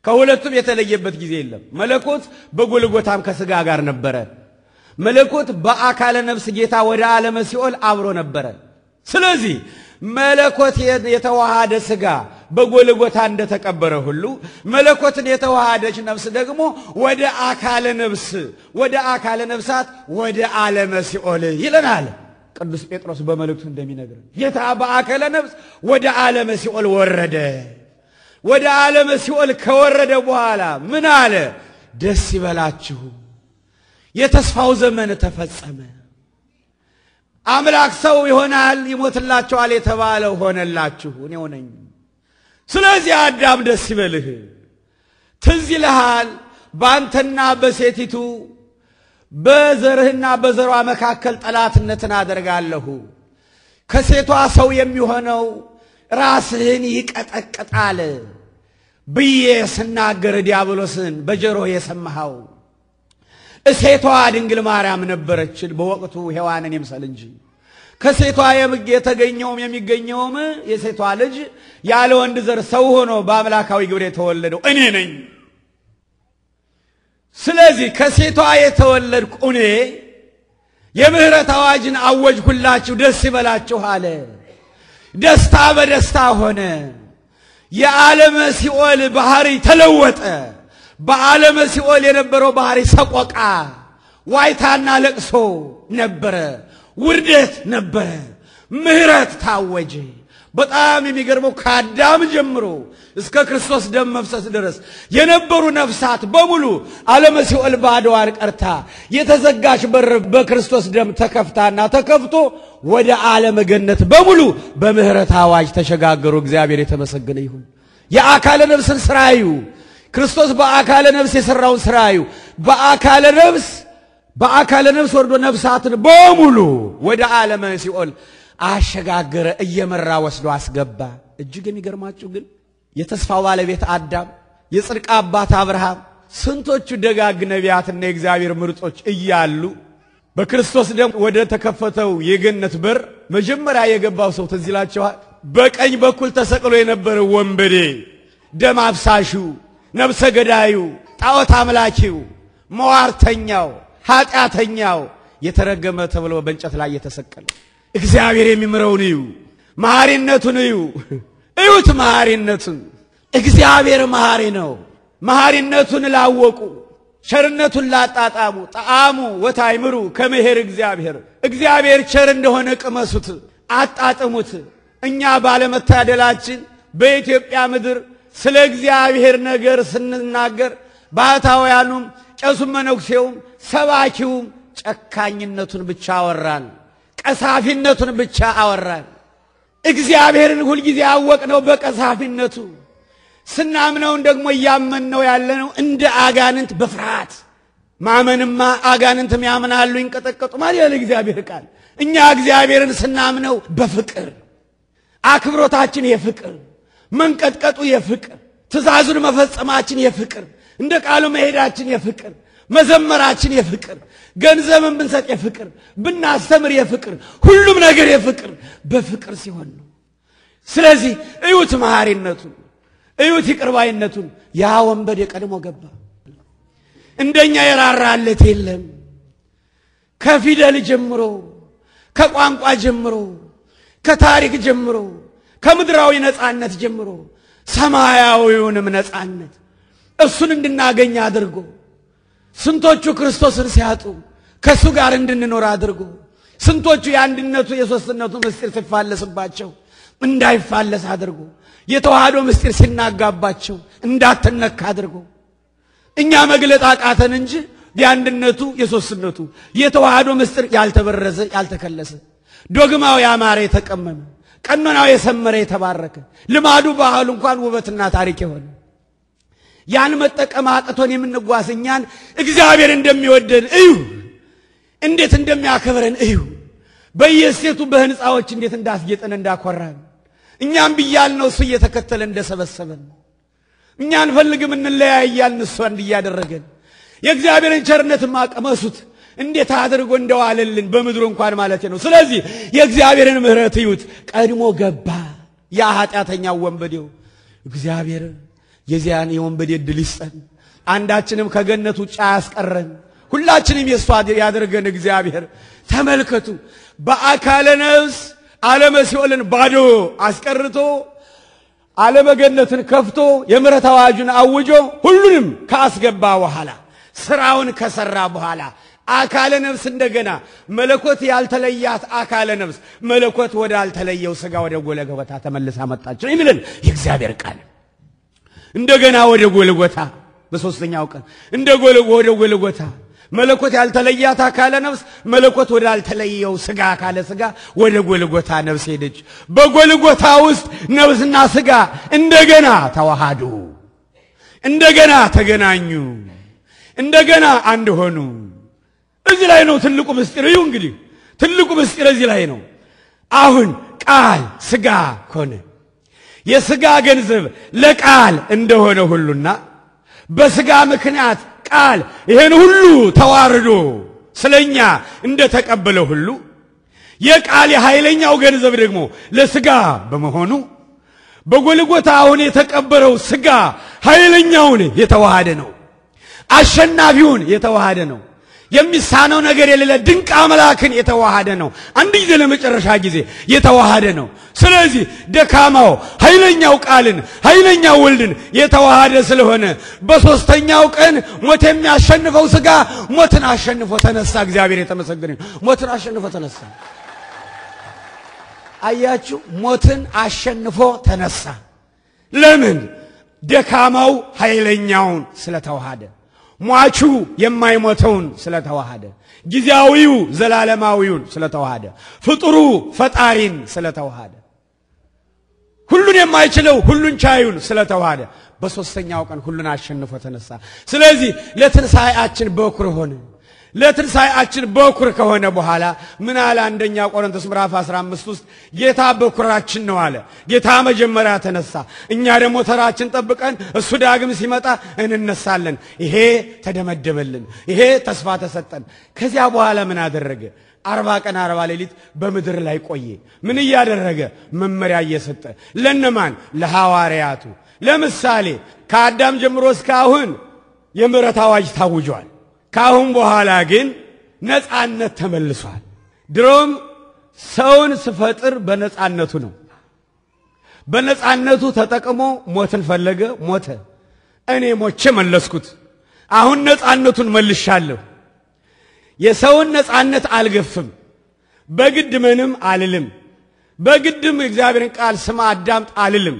ከሁለቱም የተለየበት ጊዜ የለም። መለኮት በጎልጎታም ከስጋ ጋር ነበረ። መለኮት በአካለ ነፍስ ጌታ ወደ ዓለመ ሲኦል አብሮ ነበረ። ስለዚህ መለኮት የተዋሃደ ስጋ በጎልጎታ እንደተቀበረ ሁሉ መለኮትን የተዋሃደች ነፍስ ደግሞ ወደ አካለ ነፍስ ወደ አካለ ነፍሳት ወደ ዓለመ ሲኦል ይለናል። ቅዱስ ጴጥሮስ በመልእክቱ እንደሚነግርን ጌታ በአከለ ነፍስ ወደ ዓለመ ሲኦል ወረደ። ወደ ዓለመ ሲኦል ከወረደ በኋላ ምን አለ? ደስ ይበላችሁ፣ የተስፋው ዘመን ተፈጸመ። አምላክ ሰው ይሆናል ይሞትላችኋል የተባለው ሆነላችሁ፣ እኔው ነኝ። ስለዚህ አዳም ደስ ይበልህ፣ ትዝ ይልሃል በአንተና በሴቲቱ በዘርህና በዘሯ መካከል ጠላትነትን አደርጋለሁ። ከሴቷ ሰው የሚሆነው ራስህን ይቀጠቅጣል ብዬ ስናገር ዲያብሎስን በጀሮ የሰማኸው እሴቷ ድንግል ማርያም ነበረችን በወቅቱ ሔዋንን ይምሰል እንጂ ከሴቷ የተገኘውም የሚገኘውም የሴቷ ልጅ ያለ ወንድ ዘር ሰው ሆኖ በአምላካዊ ግብር የተወለደው እኔ ነኝ። ስለዚህ ከሴቷ የተወለድኩ እኔ የምህረት አዋጅን አወጅሁላችሁ፣ ደስ ይበላችሁ አለ። ደስታ በደስታ ሆነ። የዓለመ ሲኦል ባህሪ ተለወጠ። በዓለመ ሲኦል የነበረው ባህሪ ሰቆቃ፣ ዋይታና ለቅሶ ነበረ፣ ውርደት ነበረ። ምህረት ታወጀ። በጣም የሚገርመው ከአዳም ጀምሮ እስከ ክርስቶስ ደም መፍሰስ ድረስ የነበሩ ነፍሳት በሙሉ ዓለመ ሲኦል ባዶዋን ቀርታ የተዘጋች በር በክርስቶስ ደም ተከፍታና ተከፍቶ ወደ ዓለመ ገነት በሙሉ በምህረት አዋጅ ተሸጋገሩ። እግዚአብሔር የተመሰገነ ይሁን። የአካለ ነፍስን ስራ እዩ። ክርስቶስ በአካለ ነፍስ የሰራውን ስራ እዩ። በአካለ ነፍስ በአካለ ነፍስ ወርዶ ነፍሳትን በሙሉ ወደ ዓለመ ሲኦል አሸጋገረ፣ እየመራ ወስዶ አስገባ። እጅግ የሚገርማችሁ ግን የተስፋው ባለቤት አዳም፣ የጽድቅ አባት አብርሃም፣ ስንቶቹ ደጋግ ነቢያትና የእግዚአብሔር ምርጦች እያሉ በክርስቶስ ደም ወደ ተከፈተው የገነት በር መጀመሪያ የገባው ሰው ትዝ ይላችኋል። በቀኝ በኩል ተሰቅሎ የነበረው ወንበዴ፣ ደም አብሳሹ፣ ነብሰ ገዳዩ፣ ጣዖት አምላኪው፣ መዋርተኛው፣ ኃጢአተኛው የተረገመ ተብሎ በእንጨት ላይ የተሰቀለ እግዚአብሔር የሚምረውን እዩ፣ መሐሪነቱን እዩ። እዩት መሐሪነቱን። እግዚአብሔር መሐሪ ነው። መሐሪነቱን ላወቁ ቸርነቱን ላጣጣሙ ጣዕሙ ወታይምሩ ከመሄር እግዚአብሔር እግዚአብሔር ቸር እንደሆነ ቅመሱት፣ አጣጥሙት። እኛ ባለመታደላችን በኢትዮጵያ ምድር ስለ እግዚአብሔር ነገር ስንናገር ባህታውያኑም ቄሱም መነኩሴውም ሰባኪውም ጨካኝነቱን ብቻ አወራን። ቀሳፊነቱን ብቻ አወራን። እግዚአብሔርን ሁልጊዜ ያወቅነው በቀሳፊነቱ ስናምነውን ደግሞ እያመንነው ያለነው እንደ አጋንንት በፍርሃት ማመንማ አጋንንትም ያምናሉ ማለት ያለ እግዚአብሔር ቃል። እኛ እግዚአብሔርን ስናምነው በፍቅር አክብሮታችን የፍቅር መንቀጥቀጡ የፍቅር ትእዛዙን መፈጸማችን የፍቅር እንደ ቃሉ መሄዳችን የፍቅር መዘመራችን የፍቅር ገንዘብን ብንሰጥ የፍቅር ብናስተምር የፍቅር ሁሉም ነገር የፍቅር በፍቅር ሲሆን ነው። ስለዚህ እዩት መሐሪነቱን፣ እዩት ይቅርባይነቱን። ያ ወንበዴ ቀድሞ ገባ። እንደኛ የራራለት የለም። ከፊደል ጀምሮ፣ ከቋንቋ ጀምሮ፣ ከታሪክ ጀምሮ፣ ከምድራዊ ነፃነት ጀምሮ ሰማያዊውንም ነፃነት እሱን እንድናገኝ አድርጎ ስንቶቹ ክርስቶስን ሲያጡ ከእሱ ጋር እንድንኖር አድርጉ። ስንቶቹ የአንድነቱ የሶስትነቱ ምስጢር ሲፋለስባቸው እንዳይፋለስ አድርጉ። የተዋህዶ ምስጢር ሲናጋባቸው እንዳትነካ አድርጉ። እኛ መግለጥ አቃተን እንጂ የአንድነቱ የሶስትነቱ የተዋህዶ ምስጢር ያልተበረዘ ያልተከለሰ፣ ዶግማው ያማረ የተቀመመ፣ ቀኖናው የሰመረ የተባረከ፣ ልማዱ ባህሉ እንኳን ውበትና ታሪክ የሆነ ያን መጠቀም አቅቶን የምንጓዝ እኛን እግዚአብሔር እንደሚወደን እዩ። እንዴት እንደሚያከብረን እዩ። በየሴቱ በህንፃዎች እንዴት እንዳስጌጠን እንዳኮራን፣ እኛም ብያል ነው እሱ እየተከተለ እንደሰበሰበን፣ እኛ አንፈልግም እንለያያልን እሱ አንድ እያደረገን፣ የእግዚአብሔርን ቸርነት ቀመሱት እንዴት አድርጎ እንደዋለልን በምድሩ እንኳን ማለት ነው። ስለዚህ የእግዚአብሔርን ምሕረት እዩት። ቀድሞ ገባ ያ ኃጢአተኛው ወንበዴው። እግዚአብሔር የዚያን የወንበዴ ድል ይስጠን፣ አንዳችንም ከገነት ውጭ አያስቀረን። ሁላችንም የእሱ ያደርገን እግዚአብሔር። ተመልከቱ በአካለ ነፍስ ዓለመ ሲኦልን ባዶ አስቀርቶ ዓለመ ገነትን ከፍቶ የምሕረት አዋጁን አውጆ ሁሉንም ካስገባ በኋላ ስራውን ከሰራ በኋላ አካለ ነፍስ እንደገና መለኮት ያልተለያት አካለ ነፍስ መለኮት ወደ አልተለየው ስጋ ወደ ጎለጎታ ተመልሳ መጣች ነው የሚለን የእግዚአብሔር ቃል። እንደገና ወደ ጎልጎታ በሶስተኛው ቀን እንደ ወደ ጎልጎታ መለኮት ያልተለያት አካለ ነፍስ መለኮት ወዳልተለየው ስጋ አካለ ስጋ ወደ ጎልጎታ ነፍስ ሄደች። በጎልጎታ ውስጥ ነፍስና ስጋ እንደገና ተዋሃዱ፣ እንደገና ተገናኙ፣ እንደገና አንድ ሆኑ። እዚህ ላይ ነው ትልቁ ምስጢር። እዩ እንግዲህ ትልቁ ምስጢር እዚህ ላይ ነው። አሁን ቃል ስጋ ሆነ። የስጋ ገንዘብ ለቃል እንደሆነ ሁሉና በስጋ ምክንያት ቃል ይሄን ሁሉ ተዋርዶ ስለኛ እንደ ተቀበለ ሁሉ የቃል የኃይለኛው ገንዘብ ደግሞ ለስጋ በመሆኑ በጎልጎታ አሁን የተቀበረው ስጋ ኃይለኛውን የተዋሃደ ነው። አሸናፊውን የተዋሃደ ነው። የሚሳነው ነገር የሌለ ድንቅ አምላክን የተዋሃደ ነው። አንድ ጊዜ ለመጨረሻ ጊዜ የተዋሃደ ነው። ስለዚህ ደካማው ኃይለኛው ቃልን ኃይለኛው ወልድን የተዋሃደ ስለሆነ በሶስተኛው ቀን ሞት የሚያሸንፈው ስጋ ሞትን አሸንፎ ተነሳ። እግዚአብሔር የተመሰገነ ሞትን አሸንፎ ተነሳ። አያችሁ፣ ሞትን አሸንፎ ተነሳ። ለምን? ደካማው ኃይለኛውን ስለተዋሃደ ሟቹ የማይሞተውን ስለተዋሃደ፣ ጊዜያዊው ዘላለማዊውን ስለተዋሃደ፣ ፍጡሩ ፈጣሪን ስለተዋሃደ፣ ሁሉን የማይችለው ሁሉን ቻዩን ስለተዋሃደ፣ በሦስተኛው ቀን ሁሉን አሸንፎ ተነሳ። ስለዚህ ለትንሣኤያችን በኩር ሆነ። ለትንሣኤያችን በኩር ከሆነ በኋላ ምን አለ? አንደኛ ቆሮንቶስ ምዕራፍ 15 ውስጥ ጌታ በኩራችን ነው አለ። ጌታ መጀመሪያ ተነሳ፣ እኛ ደግሞ ተራችን ጠብቀን እሱ ዳግም ሲመጣ እንነሳለን። ይሄ ተደመደበልን፣ ይሄ ተስፋ ተሰጠን። ከዚያ በኋላ ምን አደረገ? አርባ ቀን አርባ ሌሊት በምድር ላይ ቆየ። ምን እያደረገ? መመሪያ እየሰጠ ለነማን? ለሐዋርያቱ። ለምሳሌ ከአዳም ጀምሮ እስከ አሁን የምሕረት አዋጅ ታውጇል። ካሁን በኋላ ግን ነፃነት ተመልሷል። ድሮም ሰውን ስፈጥር በነፃነቱ ነው። በነፃነቱ ተጠቅሞ ሞትን ፈለገ፣ ሞተ። እኔ ሞቼ መለስኩት። አሁን ነፃነቱን መልሻለሁ። የሰውን ነፃነት አልገፍም። በግድ ምንም አልልም። በግድም እግዚአብሔርን ቃል ስማ አዳምጥ አልልም።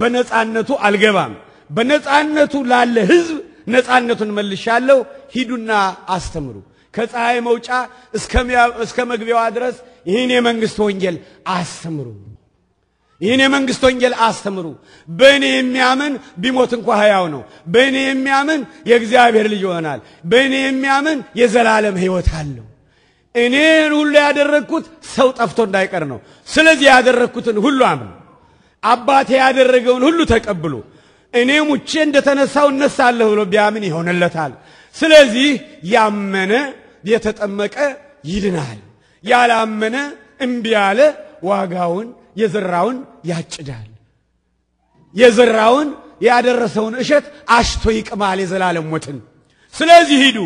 በነፃነቱ አልገባም። በነፃነቱ ላለ ሕዝብ ነፃነቱን መልሻለሁ፣ ሂዱና አስተምሩ። ከፀሐይ መውጫ እስከ መግቢያዋ ድረስ ይህን የመንግስት ወንጌል አስተምሩ። ይህን የመንግስት ወንጌል አስተምሩ። በእኔ የሚያምን ቢሞት እንኳ ሕያው ነው። በእኔ የሚያምን የእግዚአብሔር ልጅ ይሆናል። በእኔ የሚያምን የዘላለም ሕይወት አለው። እኔን ሁሉ ያደረግኩት ሰው ጠፍቶ እንዳይቀር ነው። ስለዚህ ያደረግኩትን ሁሉ አምኑ፣ አባቴ ያደረገውን ሁሉ ተቀብሉ እኔ ሙቼ እንደተነሳው እነሳለሁ ብሎ ቢያምን ይሆንለታል። ስለዚህ ያመነ የተጠመቀ ይድናል፣ ያላመነ እምቢ ያለ ዋጋውን የዘራውን ያጭዳል። የዘራውን ያደረሰውን እሸት አሽቶ ይቅማል የዘላለም ሞትን። ስለዚህ ሂዱ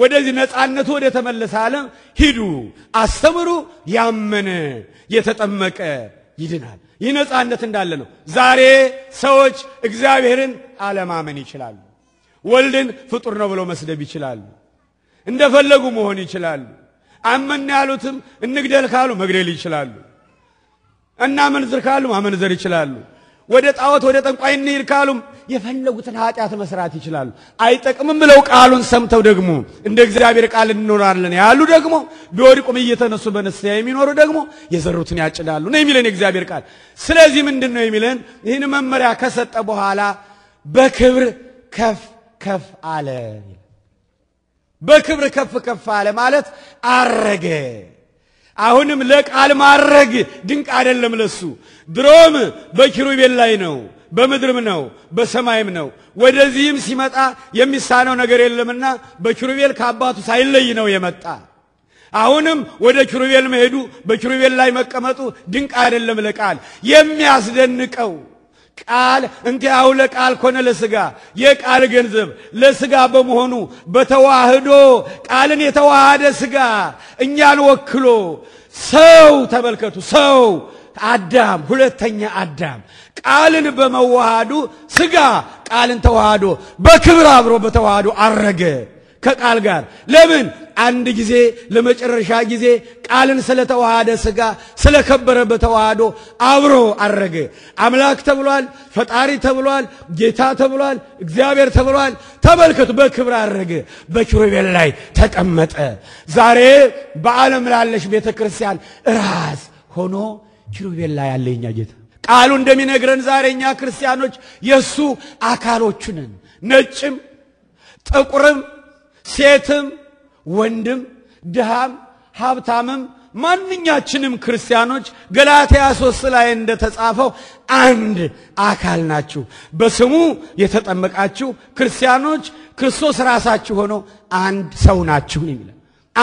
ወደዚህ ነፃነቱ ወደ ተመለሰ ዓለም ሂዱ፣ አስተምሩ። ያመነ የተጠመቀ ይድናል። ይህ ነፃነት እንዳለ ነው። ዛሬ ሰዎች እግዚአብሔርን አለማመን ይችላሉ። ወልድን ፍጡር ነው ብለው መስደብ ይችላሉ። እንደፈለጉ መሆን ይችላሉ። አመን ያሉትም እንግደል ካሉ መግደል ይችላሉ። እና መንዝር ካሉ ማመንዘር ይችላሉ። ወደ ጣዖት ወደ ጠንቋይ እንሂድ ካሉም የፈለጉትን ኃጢአት መስራት ይችላሉ። አይጠቅምም ብለው ቃሉን ሰምተው ደግሞ እንደ እግዚአብሔር ቃል እንኖራለን ያሉ ደግሞ ቢወድቁም እየተነሱ በንስሐ የሚኖሩ ደግሞ የዘሩትን ያጭዳሉ ነው የሚለን የእግዚአብሔር ቃል። ስለዚህ ምንድን ነው የሚለን? ይህን መመሪያ ከሰጠ በኋላ በክብር ከፍ ከፍ አለ። በክብር ከፍ ከፍ አለ ማለት አረገ አሁንም ለቃል ማድረግ ድንቅ አይደለም ለሱ። ድሮም በኪሩቤል ላይ ነው፣ በምድርም ነው፣ በሰማይም ነው። ወደዚህም ሲመጣ የሚሳነው ነገር የለምና በኪሩቤል ከአባቱ ሳይለይ ነው የመጣ። አሁንም ወደ ኪሩቤል መሄዱ፣ በኪሩቤል ላይ መቀመጡ ድንቅ አይደለም ለቃል የሚያስደንቀው ቃል እንቲአሁ ለቃል ኮነ ለሥጋ የቃል ገንዘብ ለስጋ በመሆኑ በተዋህዶ ቃልን የተዋሃደ ስጋ እኛን ወክሎ ሰው ተመልከቱ፣ ሰው አዳም፣ ሁለተኛ አዳም ቃልን በመዋሃዱ ስጋ ቃልን ተዋህዶ በክብር አብሮ በተዋህዶ አረገ ከቃል ጋር ለምን አንድ ጊዜ ለመጨረሻ ጊዜ ቃልን ስለተዋሃደ ስጋ ስለከበረ በተዋህዶ አብሮ አረገ። አምላክ ተብሏል፣ ፈጣሪ ተብሏል፣ ጌታ ተብሏል፣ እግዚአብሔር ተብሏል። ተመልከቱ፣ በክብር አረገ፣ በኪሩቤል ላይ ተቀመጠ። ዛሬ በዓለም ላለሽ ቤተ ክርስቲያን ራስ ሆኖ ኪሩቤል ላይ ያለ የኛ ጌታ ቃሉ እንደሚነግረን ዛሬ እኛ ክርስቲያኖች የእሱ አካሎቹ ነን። ነጭም ጥቁርም ሴትም ወንድም ድሃም ሀብታምም ማንኛችንም ክርስቲያኖች ገላትያ ሶስት ላይ እንደተጻፈው አንድ አካል ናችሁ። በስሙ የተጠመቃችሁ ክርስቲያኖች ክርስቶስ ራሳችሁ ሆኖ አንድ ሰው ናችሁ የሚለ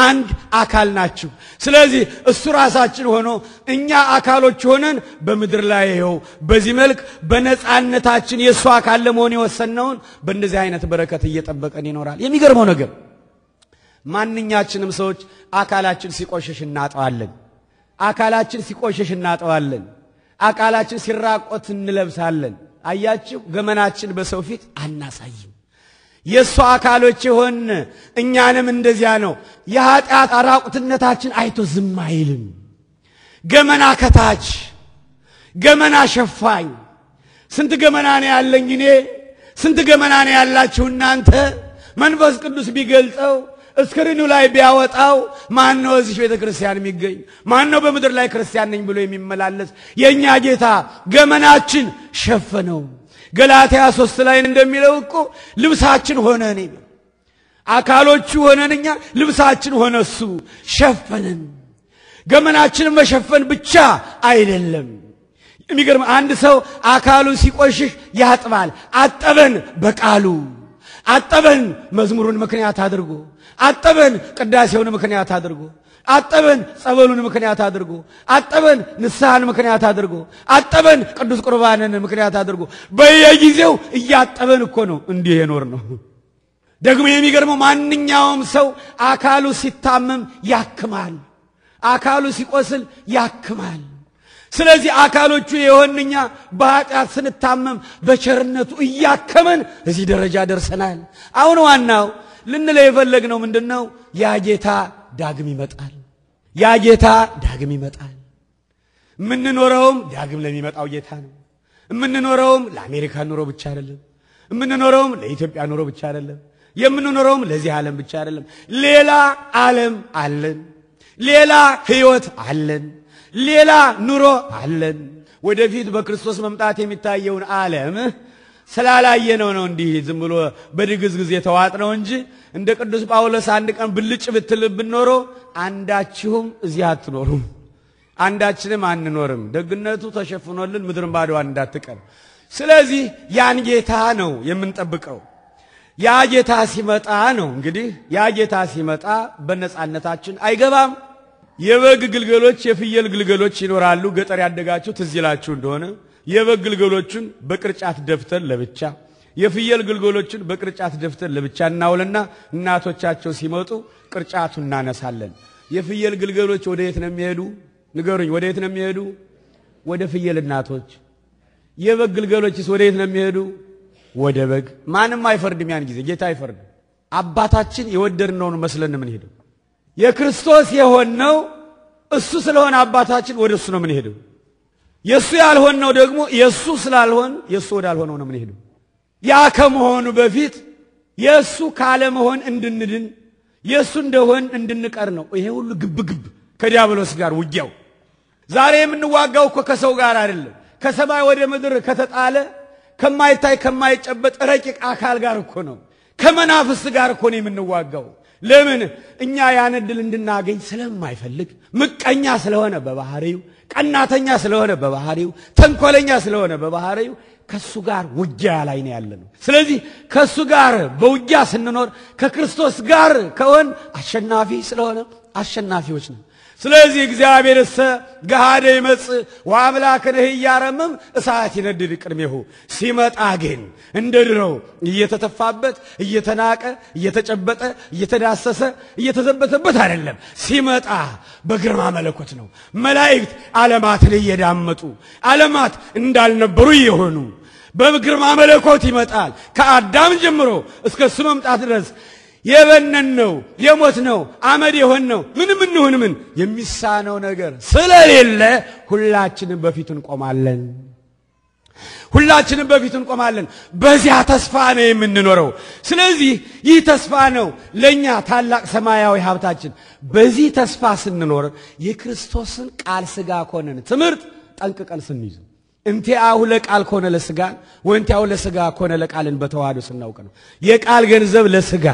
አንድ አካል ናችሁ። ስለዚህ እሱ ራሳችን ሆኖ እኛ አካሎች ሆነን በምድር ላይ ይኸው በዚህ መልክ በነፃነታችን የእሱ አካል ለመሆን የወሰነውን በእንደዚህ አይነት በረከት እየጠበቀን ይኖራል። የሚገርመው ነገር ማንኛችንም ሰዎች አካላችን ሲቆሽሽ እናጠዋለን። አካላችን ሲቆሽሽ እናጠዋለን። አካላችን ሲራቆት እንለብሳለን። አያችሁ፣ ገመናችን በሰው ፊት አናሳይም። የእሱ አካሎች ይሆን። እኛንም እንደዚያ ነው። የኃጢአት አራቁትነታችን አይቶ ዝም አይልም። ገመና ከታች ገመና ሸፋኝ። ስንት ገመና ነው ያለኝ እኔ? ስንት ገመና ነው ያላችሁ እናንተ? መንፈስ ቅዱስ ቢገልጸው እስክሪኑ ላይ ቢያወጣው ማን ነው እዚህ ቤተ ክርስቲያን የሚገኝ? ማን ነው በምድር ላይ ክርስቲያን ነኝ ብሎ የሚመላለስ? የእኛ ጌታ ገመናችን ሸፈነው። ገላትያ ሶስት ላይ እንደሚለው እኮ ልብሳችን ሆነን አካሎቹ ሆነን እኛ ልብሳችን ሆነ እሱ ሸፈነን። ገመናችንን መሸፈን ብቻ አይደለም። የሚገርም አንድ ሰው አካሉ ሲቆሽሽ ያጥባል። አጠበን በቃሉ አጠበን መዝሙሩን ምክንያት አድርጎ አጠበን ቅዳሴውን ምክንያት አድርጎ አጠበን ጸበሉን ምክንያት አድርጎ አጠበን ንስሐን ምክንያት አድርጎ አጠበን ቅዱስ ቁርባንን ምክንያት አድርጎ በየጊዜው እያጠበን እኮ ነው እንዲህ የኖር ነው። ደግሞ የሚገርመው ማንኛውም ሰው አካሉ ሲታመም ያክማል፣ አካሉ ሲቆስል ያክማል። ስለዚህ አካሎቹ የሆንኛ በኃጢአት ስንታመም በቸርነቱ እያከመን እዚህ ደረጃ ደርሰናል። አሁን ዋናው ልንለው ነው ምንድን ነው? ያ ጌታ ዳግም ይመጣል። ያ ጌታ ዳግም ይመጣል። የምንኖረውም ዳግም ለሚመጣው ጌታ ነው። የምንኖረውም ለአሜሪካ ኑሮ ብቻ አይደለም። የምንኖረውም ለኢትዮጵያ ኑሮ ብቻ አይደለም። የምንኖረውም ለዚህ ዓለም ብቻ አይደለም። ሌላ ዓለም አለን። ሌላ ሕይወት አለን። ሌላ ኑሮ አለን። ወደፊት በክርስቶስ መምጣት የሚታየውን ዓለም ስላላየነው ነው እንዲህ ዝም ብሎ በድግዝግዝ የተዋጥ ነው እንጂ እንደ ቅዱስ ጳውሎስ አንድ ቀን ብልጭ ብትልብን ኖሮ አንዳችሁም እዚህ አትኖሩም፣ አንዳችንም አንኖርም። ደግነቱ ተሸፍኖልን ምድርን ባዶዋን እንዳትቀር። ስለዚህ ያን ጌታ ነው የምንጠብቀው። ያ ጌታ ሲመጣ ነው እንግዲህ ያ ጌታ ሲመጣ በነፃነታችን አይገባም። የበግ ግልገሎች፣ የፍየል ግልገሎች ይኖራሉ። ገጠር ያደጋችሁ ትዝ ይላችሁ እንደሆነ የበግ ግልገሎችን በቅርጫት ደፍተር ለብቻ የፍየል ግልገሎችን በቅርጫት ደፍተር ለብቻ እናውልና እናቶቻቸው ሲመጡ ቅርጫቱን እናነሳለን። የፍየል ግልገሎች ወደ የት ነው የሚሄዱ? ንገሩኝ። ወደ የት ነው የሚሄዱ? ወደ ፍየል እናቶች። የበግ ግልገሎችስ ወደ የት ነው የሚሄዱ? ወደ በግ። ማንም አይፈርድም። ያን ጊዜ ጌታ አይፈርድም። አባታችን የወደድነውን መስለን የምንሄደው የክርስቶስ የሆነው እሱ ስለሆነ አባታችን ወደ እሱ ነው የምንሄደው። የእሱ ያልሆን ነው ደግሞ የእሱ ስላልሆን የእሱ ወዳልሆነው ነው የምንሄደው። ያ ከመሆኑ በፊት የእሱ ካለመሆን እንድንድን የእሱ እንደሆን እንድንቀር ነው። ይሄ ሁሉ ግብግብ ከዲያብሎስ ጋር ውጊያው። ዛሬ የምንዋጋው እኮ ከሰው ጋር አይደለም፣ ከሰማይ ወደ ምድር ከተጣለ ከማይታይ ከማይጨበጥ ረቂቅ አካል ጋር እኮ ነው፣ ከመናፍስ ጋር እኮ ነው የምንዋጋው። ለምን? እኛ ያን እድል እንድናገኝ ስለማይፈልግ ምቀኛ ስለሆነ በባህሪው ቀናተኛ ስለሆነ በባህሪው፣ ተንኮለኛ ስለሆነ በባህሪው ከሱ ጋር ውጊያ ላይ ነው ያለነው። ስለዚህ ከሱ ጋር በውጊያ ስንኖር ከክርስቶስ ጋር ከሆን አሸናፊ ስለሆነ አሸናፊዎች ነው። ስለዚህ እግዚአብሔር እሰ ገሃደ ይመጽእ ወአምላክንህ እያረምም እሳት ይነድድ ቅድሜሁ። ሲመጣ ግን እንደ ድሮው እየተተፋበት፣ እየተናቀ፣ እየተጨበጠ፣ እየተዳሰሰ፣ እየተዘበተበት አይደለም። ሲመጣ በግርማ መለኮት ነው። መላእክት ዓለማትን እየዳመጡ ዓለማት እንዳልነበሩ እየሆኑ በግርማ መለኮት ይመጣል። ከአዳም ጀምሮ እስከ እሱ መምጣት ድረስ የበነን ነው፣ የሞት ነው፣ አመድ የሆን ነው። ምንም እንሁን ምን የሚሳነው ነገር ስለሌለ ሁላችንም በፊቱ እንቆማለን። ሁላችንም በፊት እንቆማለን። በዚያ ተስፋ ነው የምንኖረው። ስለዚህ ይህ ተስፋ ነው ለእኛ ታላቅ ሰማያዊ ሀብታችን። በዚህ ተስፋ ስንኖር የክርስቶስን ቃል ስጋ ኮነን ትምህርት ጠንቅቀን ስንይዝ እንቲአሁ ለቃል ኮነ ለስጋ ወእንቲአሁ ለስጋ ኮነ ለቃልን በተዋህዶ ስናውቅ ነው የቃል ገንዘብ ለስጋ።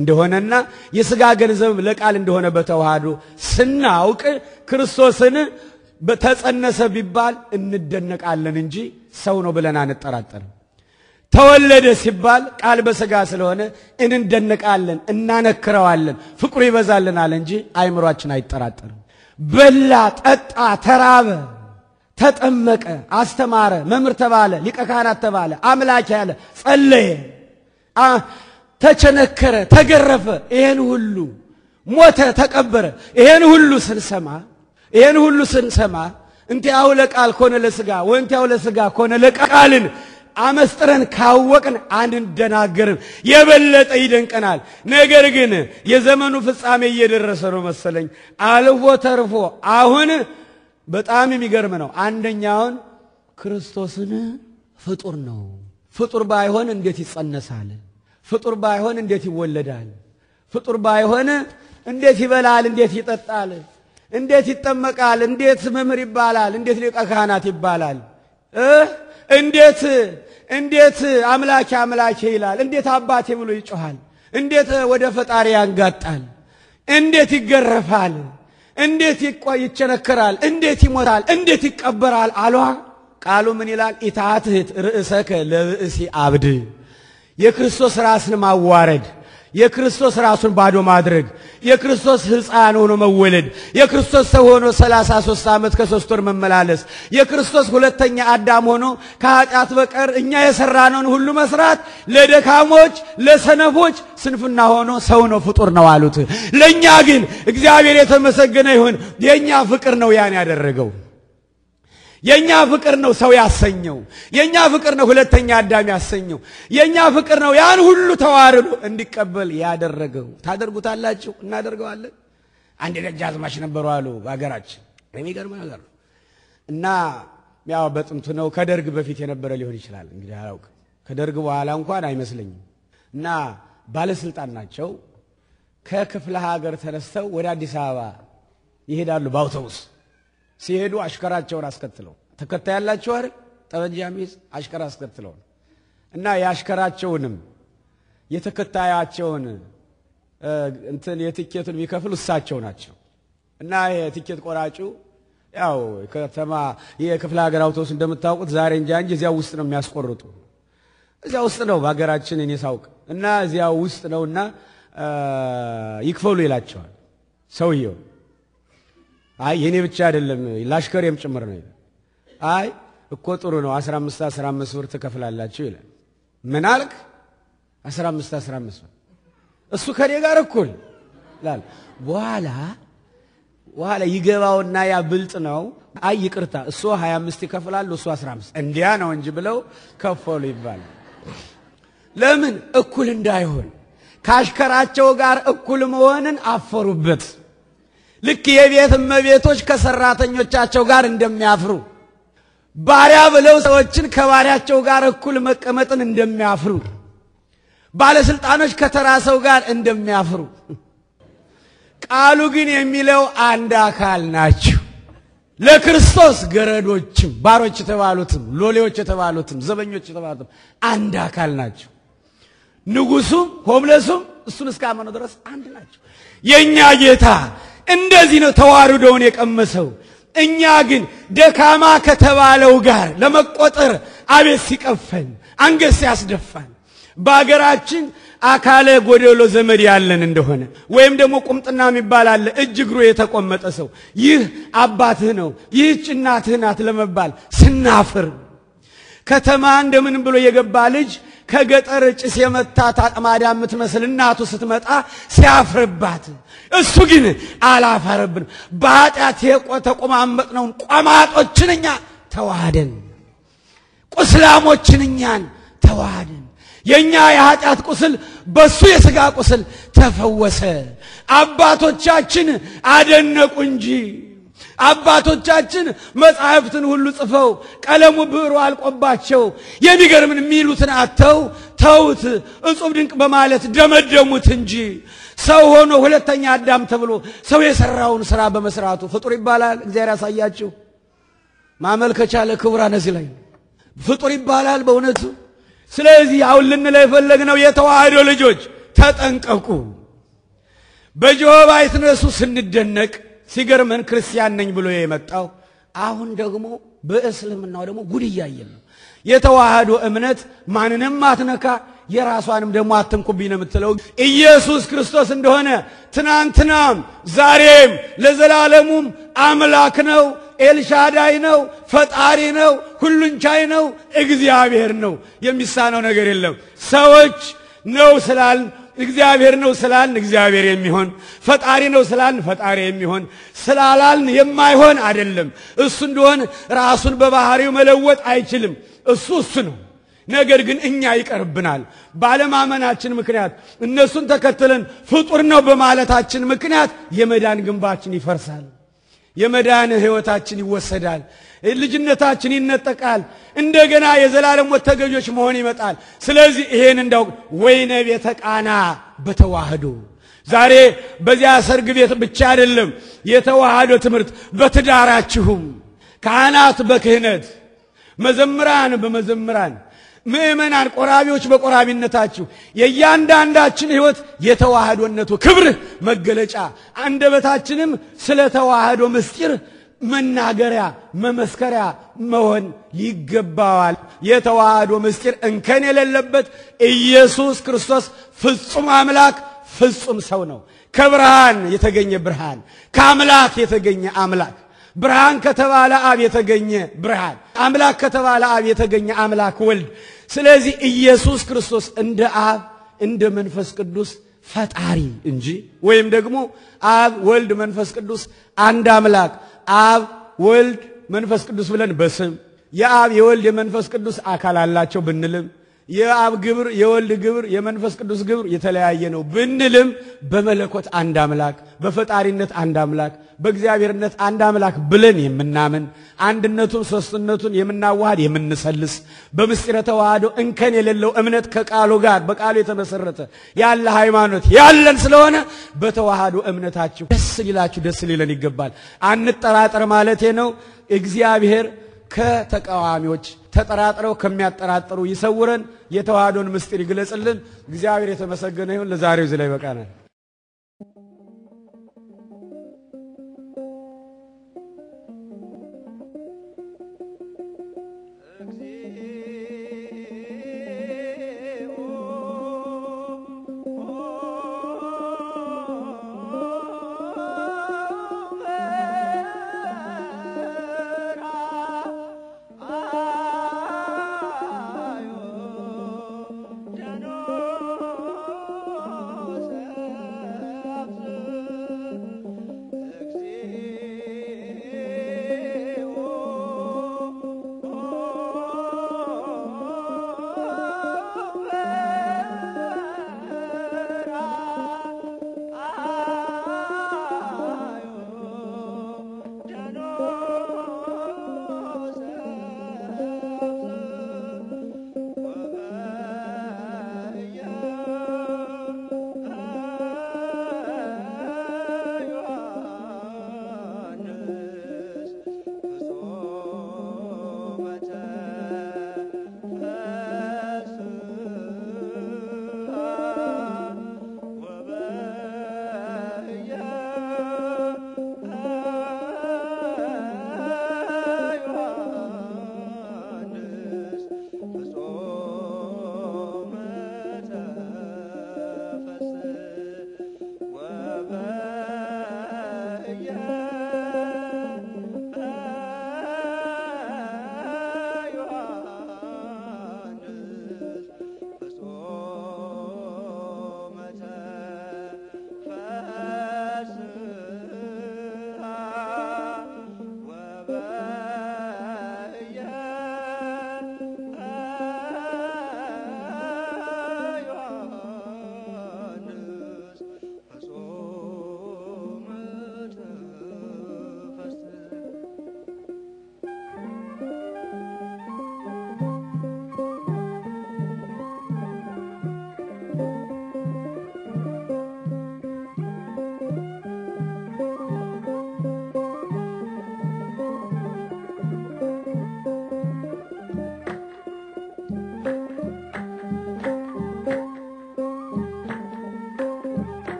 እንደሆነና የሥጋ ገንዘብ ለቃል እንደሆነ በተዋህዶ ስናውቅ ክርስቶስን ተጸነሰ ቢባል እንደነቃለን እንጂ ሰው ነው ብለን አንጠራጠርም። ተወለደ ሲባል ቃል በሥጋ ስለሆነ እንደነቃለን፣ እናነክረዋለን፣ ፍቅሩ ይበዛልናል እንጂ አይምሯችን አይጠራጠርም። በላ፣ ጠጣ፣ ተራበ፣ ተጠመቀ፣ አስተማረ፣ መምህር ተባለ፣ ሊቀ ካህናት ተባለ፣ አምላክ ያለ ጸለየ ተቸነከረ፣ ተገረፈ፣ ይሄን ሁሉ ሞተ፣ ተቀበረ። ይሄን ሁሉ ስንሰማ ይሄን ሁሉ ስንሰማ እንቲአሁ ለቃል ኮነ ለስጋ ወእንቲአሁ ለስጋ ኮነ ለቃልን አመስጥረን ካወቅን አንደናገርም፣ የበለጠ ይደንቀናል። ነገር ግን የዘመኑ ፍጻሜ እየደረሰ ነው መሰለኝ። አልፎ ተርፎ አሁን በጣም የሚገርም ነው። አንደኛውን ክርስቶስን ፍጡር ነው ፍጡር ባይሆን እንዴት ይጸነሳል? ፍጡር ባይሆን እንዴት ይወለዳል? ፍጡር ባይሆን እንዴት ይበላል? እንዴት ይጠጣል? እንዴት ይጠመቃል? እንዴት መምህር ይባላል? እንዴት ሊቀ ካህናት ይባላል? እንዴት እንዴት አምላኬ አምላኬ ይላል? እንዴት አባቴ ብሎ ይጮሃል? እንዴት ወደ ፈጣሪ ያንጋጣል? እንዴት ይገረፋል? እንዴት ይቸነከራል? እንዴት ይሞታል? እንዴት ይቀበራል? አሏ ቃሉ ምን ይላል? ኢታትህት ርእሰከ ለብእሲ አብድ የክርስቶስ ራስን ማዋረድ፣ የክርስቶስ ራሱን ባዶ ማድረግ፣ የክርስቶስ ሕፃን ሆኖ መወለድ፣ የክርስቶስ ሰው ሆኖ 33 ዓመት ከሶስት ወር መመላለስ፣ የክርስቶስ ሁለተኛ አዳም ሆኖ ከኃጢአት በቀር እኛ የሰራነውን ሁሉ መስራት ለደካሞች ለሰነፎች ስንፍና ሆኖ ሰው ነው ፍጡር ነው አሉት። ለእኛ ግን እግዚአብሔር የተመሰገነ ይሁን የእኛ ፍቅር ነው ያን ያደረገው። የኛ ፍቅር ነው ሰው ያሰኘው። የኛ ፍቅር ነው ሁለተኛ አዳም ያሰኘው። የኛ ፍቅር ነው ያን ሁሉ ተዋርዶ እንዲቀበል ያደረገው። ታደርጉታላችሁ? እናደርገዋለን። አንድ ደጃዝማች ነበሩ አሉ በሀገራችን። የሚገርም ነገር ነው እና ያው በጥንቱ ነው ከደርግ በፊት የነበረ ሊሆን ይችላል እንግዲህ አላውቅም። ከደርግ በኋላ እንኳን አይመስለኝም። እና ባለስልጣን ናቸው። ከክፍለ ሀገር ተነስተው ወደ አዲስ አበባ ይሄዳሉ በአውቶቡስ ሲሄዱ አሽከራቸውን አስከትለው ተከታይ አይደል ጠመንጃ ሚዝ አሽከራ አስከትለው ነው እና የአሽከራቸውንም የተከታያቸውን እንትን የትኬቱን የሚከፍሉ እሳቸው ናቸው እና የትኬት ቆራጩ ያው ከተማ የክፍለ ሀገር አውቶቡስ እንደምታውቁት ዛሬ እንጃ እንጂ እዚያ ውስጥ ነው የሚያስቆርጡ። እዚያ ውስጥ ነው በሀገራችን እኔ ሳውቅ እና እዚያ ውስጥ ነውና ይክፈሉ ይላቸዋል ሰውየው። አይ የኔ ብቻ አይደለም ላሽከሬም ጭምር ነው አይ እኮ ጥሩ ነው 15 15 ብር ትከፍላላችሁ ይላል። ምን አልክ? 15 15 ብር እሱ ከኔ ጋር እኩል ላል በኋላ በኋላ ይገባውና ያ ብልጥ ነው። አይ ይቅርታ እሱ 25 ይከፍላል እሱ 15 እንዲያ ነው እንጂ ብለው ከፈሉ ይባላል። ለምን እኩል እንዳይሆን ከአሽከራቸው ጋር እኩል መሆንን አፈሩበት። ልክ የቤት እመቤቶች ከሰራተኞቻቸው ጋር እንደሚያፍሩ ባሪያ ብለው ሰዎችን ከባሪያቸው ጋር እኩል መቀመጥን እንደሚያፍሩ ባለስልጣኖች ከተራ ሰው ጋር እንደሚያፍሩ ቃሉ ግን የሚለው አንድ አካል ናቸው። ለክርስቶስ ገረዶችም ባሮች የተባሉትም ሎሌዎች የተባሉትም ዘበኞች የተባሉትም አንድ አካል ናቸው። ንጉሱም ሆምለሱም እሱን እስካመኑ ድረስ አንድ ናቸው። የእኛ ጌታ እንደዚህ ነው ተዋርዶውን የቀመሰው። እኛ ግን ደካማ ከተባለው ጋር ለመቆጠር አቤት ሲቀፈን፣ አንገት ሲያስደፋን በአገራችን አካለ ጎደሎ ዘመድ ያለን እንደሆነ ወይም ደግሞ ቁምጥና የሚባል አለ፣ እጅ እግሩ የተቆመጠ ሰው ይህ አባትህ ነው ይህች እናትህ ናት ለመባል ስናፍር፣ ከተማ እንደምን ብሎ የገባ ልጅ ከገጠር ጭስ የመታት አጥማዳ የምትመስል እናቱ ስትመጣ ሲያፍርባት እሱ ግን አላፈረብን በኃጢአት የተቆማመጥነውን ቆማጦችን እኛ ተዋህደን፣ ቁስላሞችን እኛን ተዋህደን። የእኛ የኃጢአት ቁስል በሱ የሥጋ ቁስል ተፈወሰ። አባቶቻችን አደነቁ እንጂ አባቶቻችን መጻሕፍትን ሁሉ ጽፈው ቀለሙ ብዕሩ አልቆባቸው የሚገርምን የሚሉትን አተው ተውት እጹብ ድንቅ በማለት ደመደሙት እንጂ ሰው ሆኖ ሁለተኛ አዳም ተብሎ ሰው የሰራውን ስራ በመስራቱ ፍጡር ይባላል። እግዚአብሔር ያሳያችሁ። ማመልከቻ ለክቡራን እዚህ ላይ ፍጡር ይባላል በእውነቱ። ስለዚህ አሁን ልንለው የፈለግነው የተዋህዶ ልጆች ተጠንቀቁ። በጆባ ይትነሱ ስንደነቅ ሲገርመን ክርስቲያን ነኝ ብሎ የመጣው አሁን ደግሞ በእስልምናው ደግሞ ጉድ እያየን ነው። የተዋህዶ እምነት ማንንም አትነካ የራሷንም ደግሞ አትንኩብኝ ነው የምትለው። ኢየሱስ ክርስቶስ እንደሆነ ትናንትናም ዛሬም ለዘላለሙም አምላክ ነው፣ ኤልሻዳይ ነው፣ ፈጣሪ ነው፣ ሁሉን ቻይ ነው፣ እግዚአብሔር ነው። የሚሳነው ነገር የለም። ሰዎች ነው ስላልን እግዚአብሔር ነው ስላልን እግዚአብሔር የሚሆን ፈጣሪ ነው ስላልን ፈጣሪ የሚሆን ስላላልን የማይሆን አይደለም። እሱ እንደሆነ ራሱን በባህሪው መለወጥ አይችልም። እሱ እሱ ነው። ነገር ግን እኛ ይቀርብናል። ባለማመናችን ምክንያት እነሱን ተከትለን ፍጡር ነው በማለታችን ምክንያት የመዳን ግንባችን ይፈርሳል። የመዳን ሕይወታችን ይወሰዳል። ልጅነታችን ይነጠቃል። እንደገና የዘላለም ሞት ተገዦች መሆን ይመጣል። ስለዚህ ይሄን እንዳውቅ ወይነ ቤተ ቃና በተዋህዶ ዛሬ በዚያ ሰርግ ቤት ብቻ አይደለም የተዋህዶ ትምህርት በትዳራችሁም ካህናት በክህነት መዘምራን በመዘምራን ምእመናን ቆራቢዎች በቆራቢነታችሁ የእያንዳንዳችን ህይወት የተዋህዶነቱ ክብር መገለጫ አንደበታችንም ስለ ተዋህዶ ምስጢር መናገሪያ መመስከሪያ መሆን ይገባዋል። የተዋህዶ ምስጢር እንከን የሌለበት ኢየሱስ ክርስቶስ ፍጹም አምላክ ፍጹም ሰው ነው። ከብርሃን የተገኘ ብርሃን፣ ከአምላክ የተገኘ አምላክ፣ ብርሃን ከተባለ አብ የተገኘ ብርሃን፣ አምላክ ከተባለ አብ የተገኘ አምላክ ወልድ ስለዚህ ኢየሱስ ክርስቶስ እንደ አብ እንደ መንፈስ ቅዱስ ፈጣሪ እንጂ ወይም ደግሞ አብ ወልድ መንፈስ ቅዱስ አንድ አምላክ አብ ወልድ መንፈስ ቅዱስ ብለን በስም የአብ የወልድ የመንፈስ ቅዱስ አካል አላቸው ብንልም የአብ ግብር፣ የወልድ ግብር፣ የመንፈስ ቅዱስ ግብር የተለያየ ነው ብንልም በመለኮት አንድ አምላክ፣ በፈጣሪነት አንድ አምላክ፣ በእግዚአብሔርነት አንድ አምላክ ብለን የምናምን አንድነቱን ሶስትነቱን የምናዋሃድ የምንሰልስ በምስጢረ ተዋህዶ እንከን የሌለው እምነት ከቃሉ ጋር በቃሉ የተመሰረተ ያለ ሃይማኖት ያለን ስለሆነ በተዋህዶ እምነታችሁ ደስ ሊላችሁ ደስ ሊለን ይገባል። አንጠራጠር ማለቴ ነው እግዚአብሔር ከተቃዋሚዎች ተጠራጥረው ከሚያጠራጥሩ ይሰውረን። የተዋህዶን ምስጢር ይግለጽልን። እግዚአብሔር የተመሰገነ ይሁን። ለዛሬው እዚህ ላይ ይበቃናል።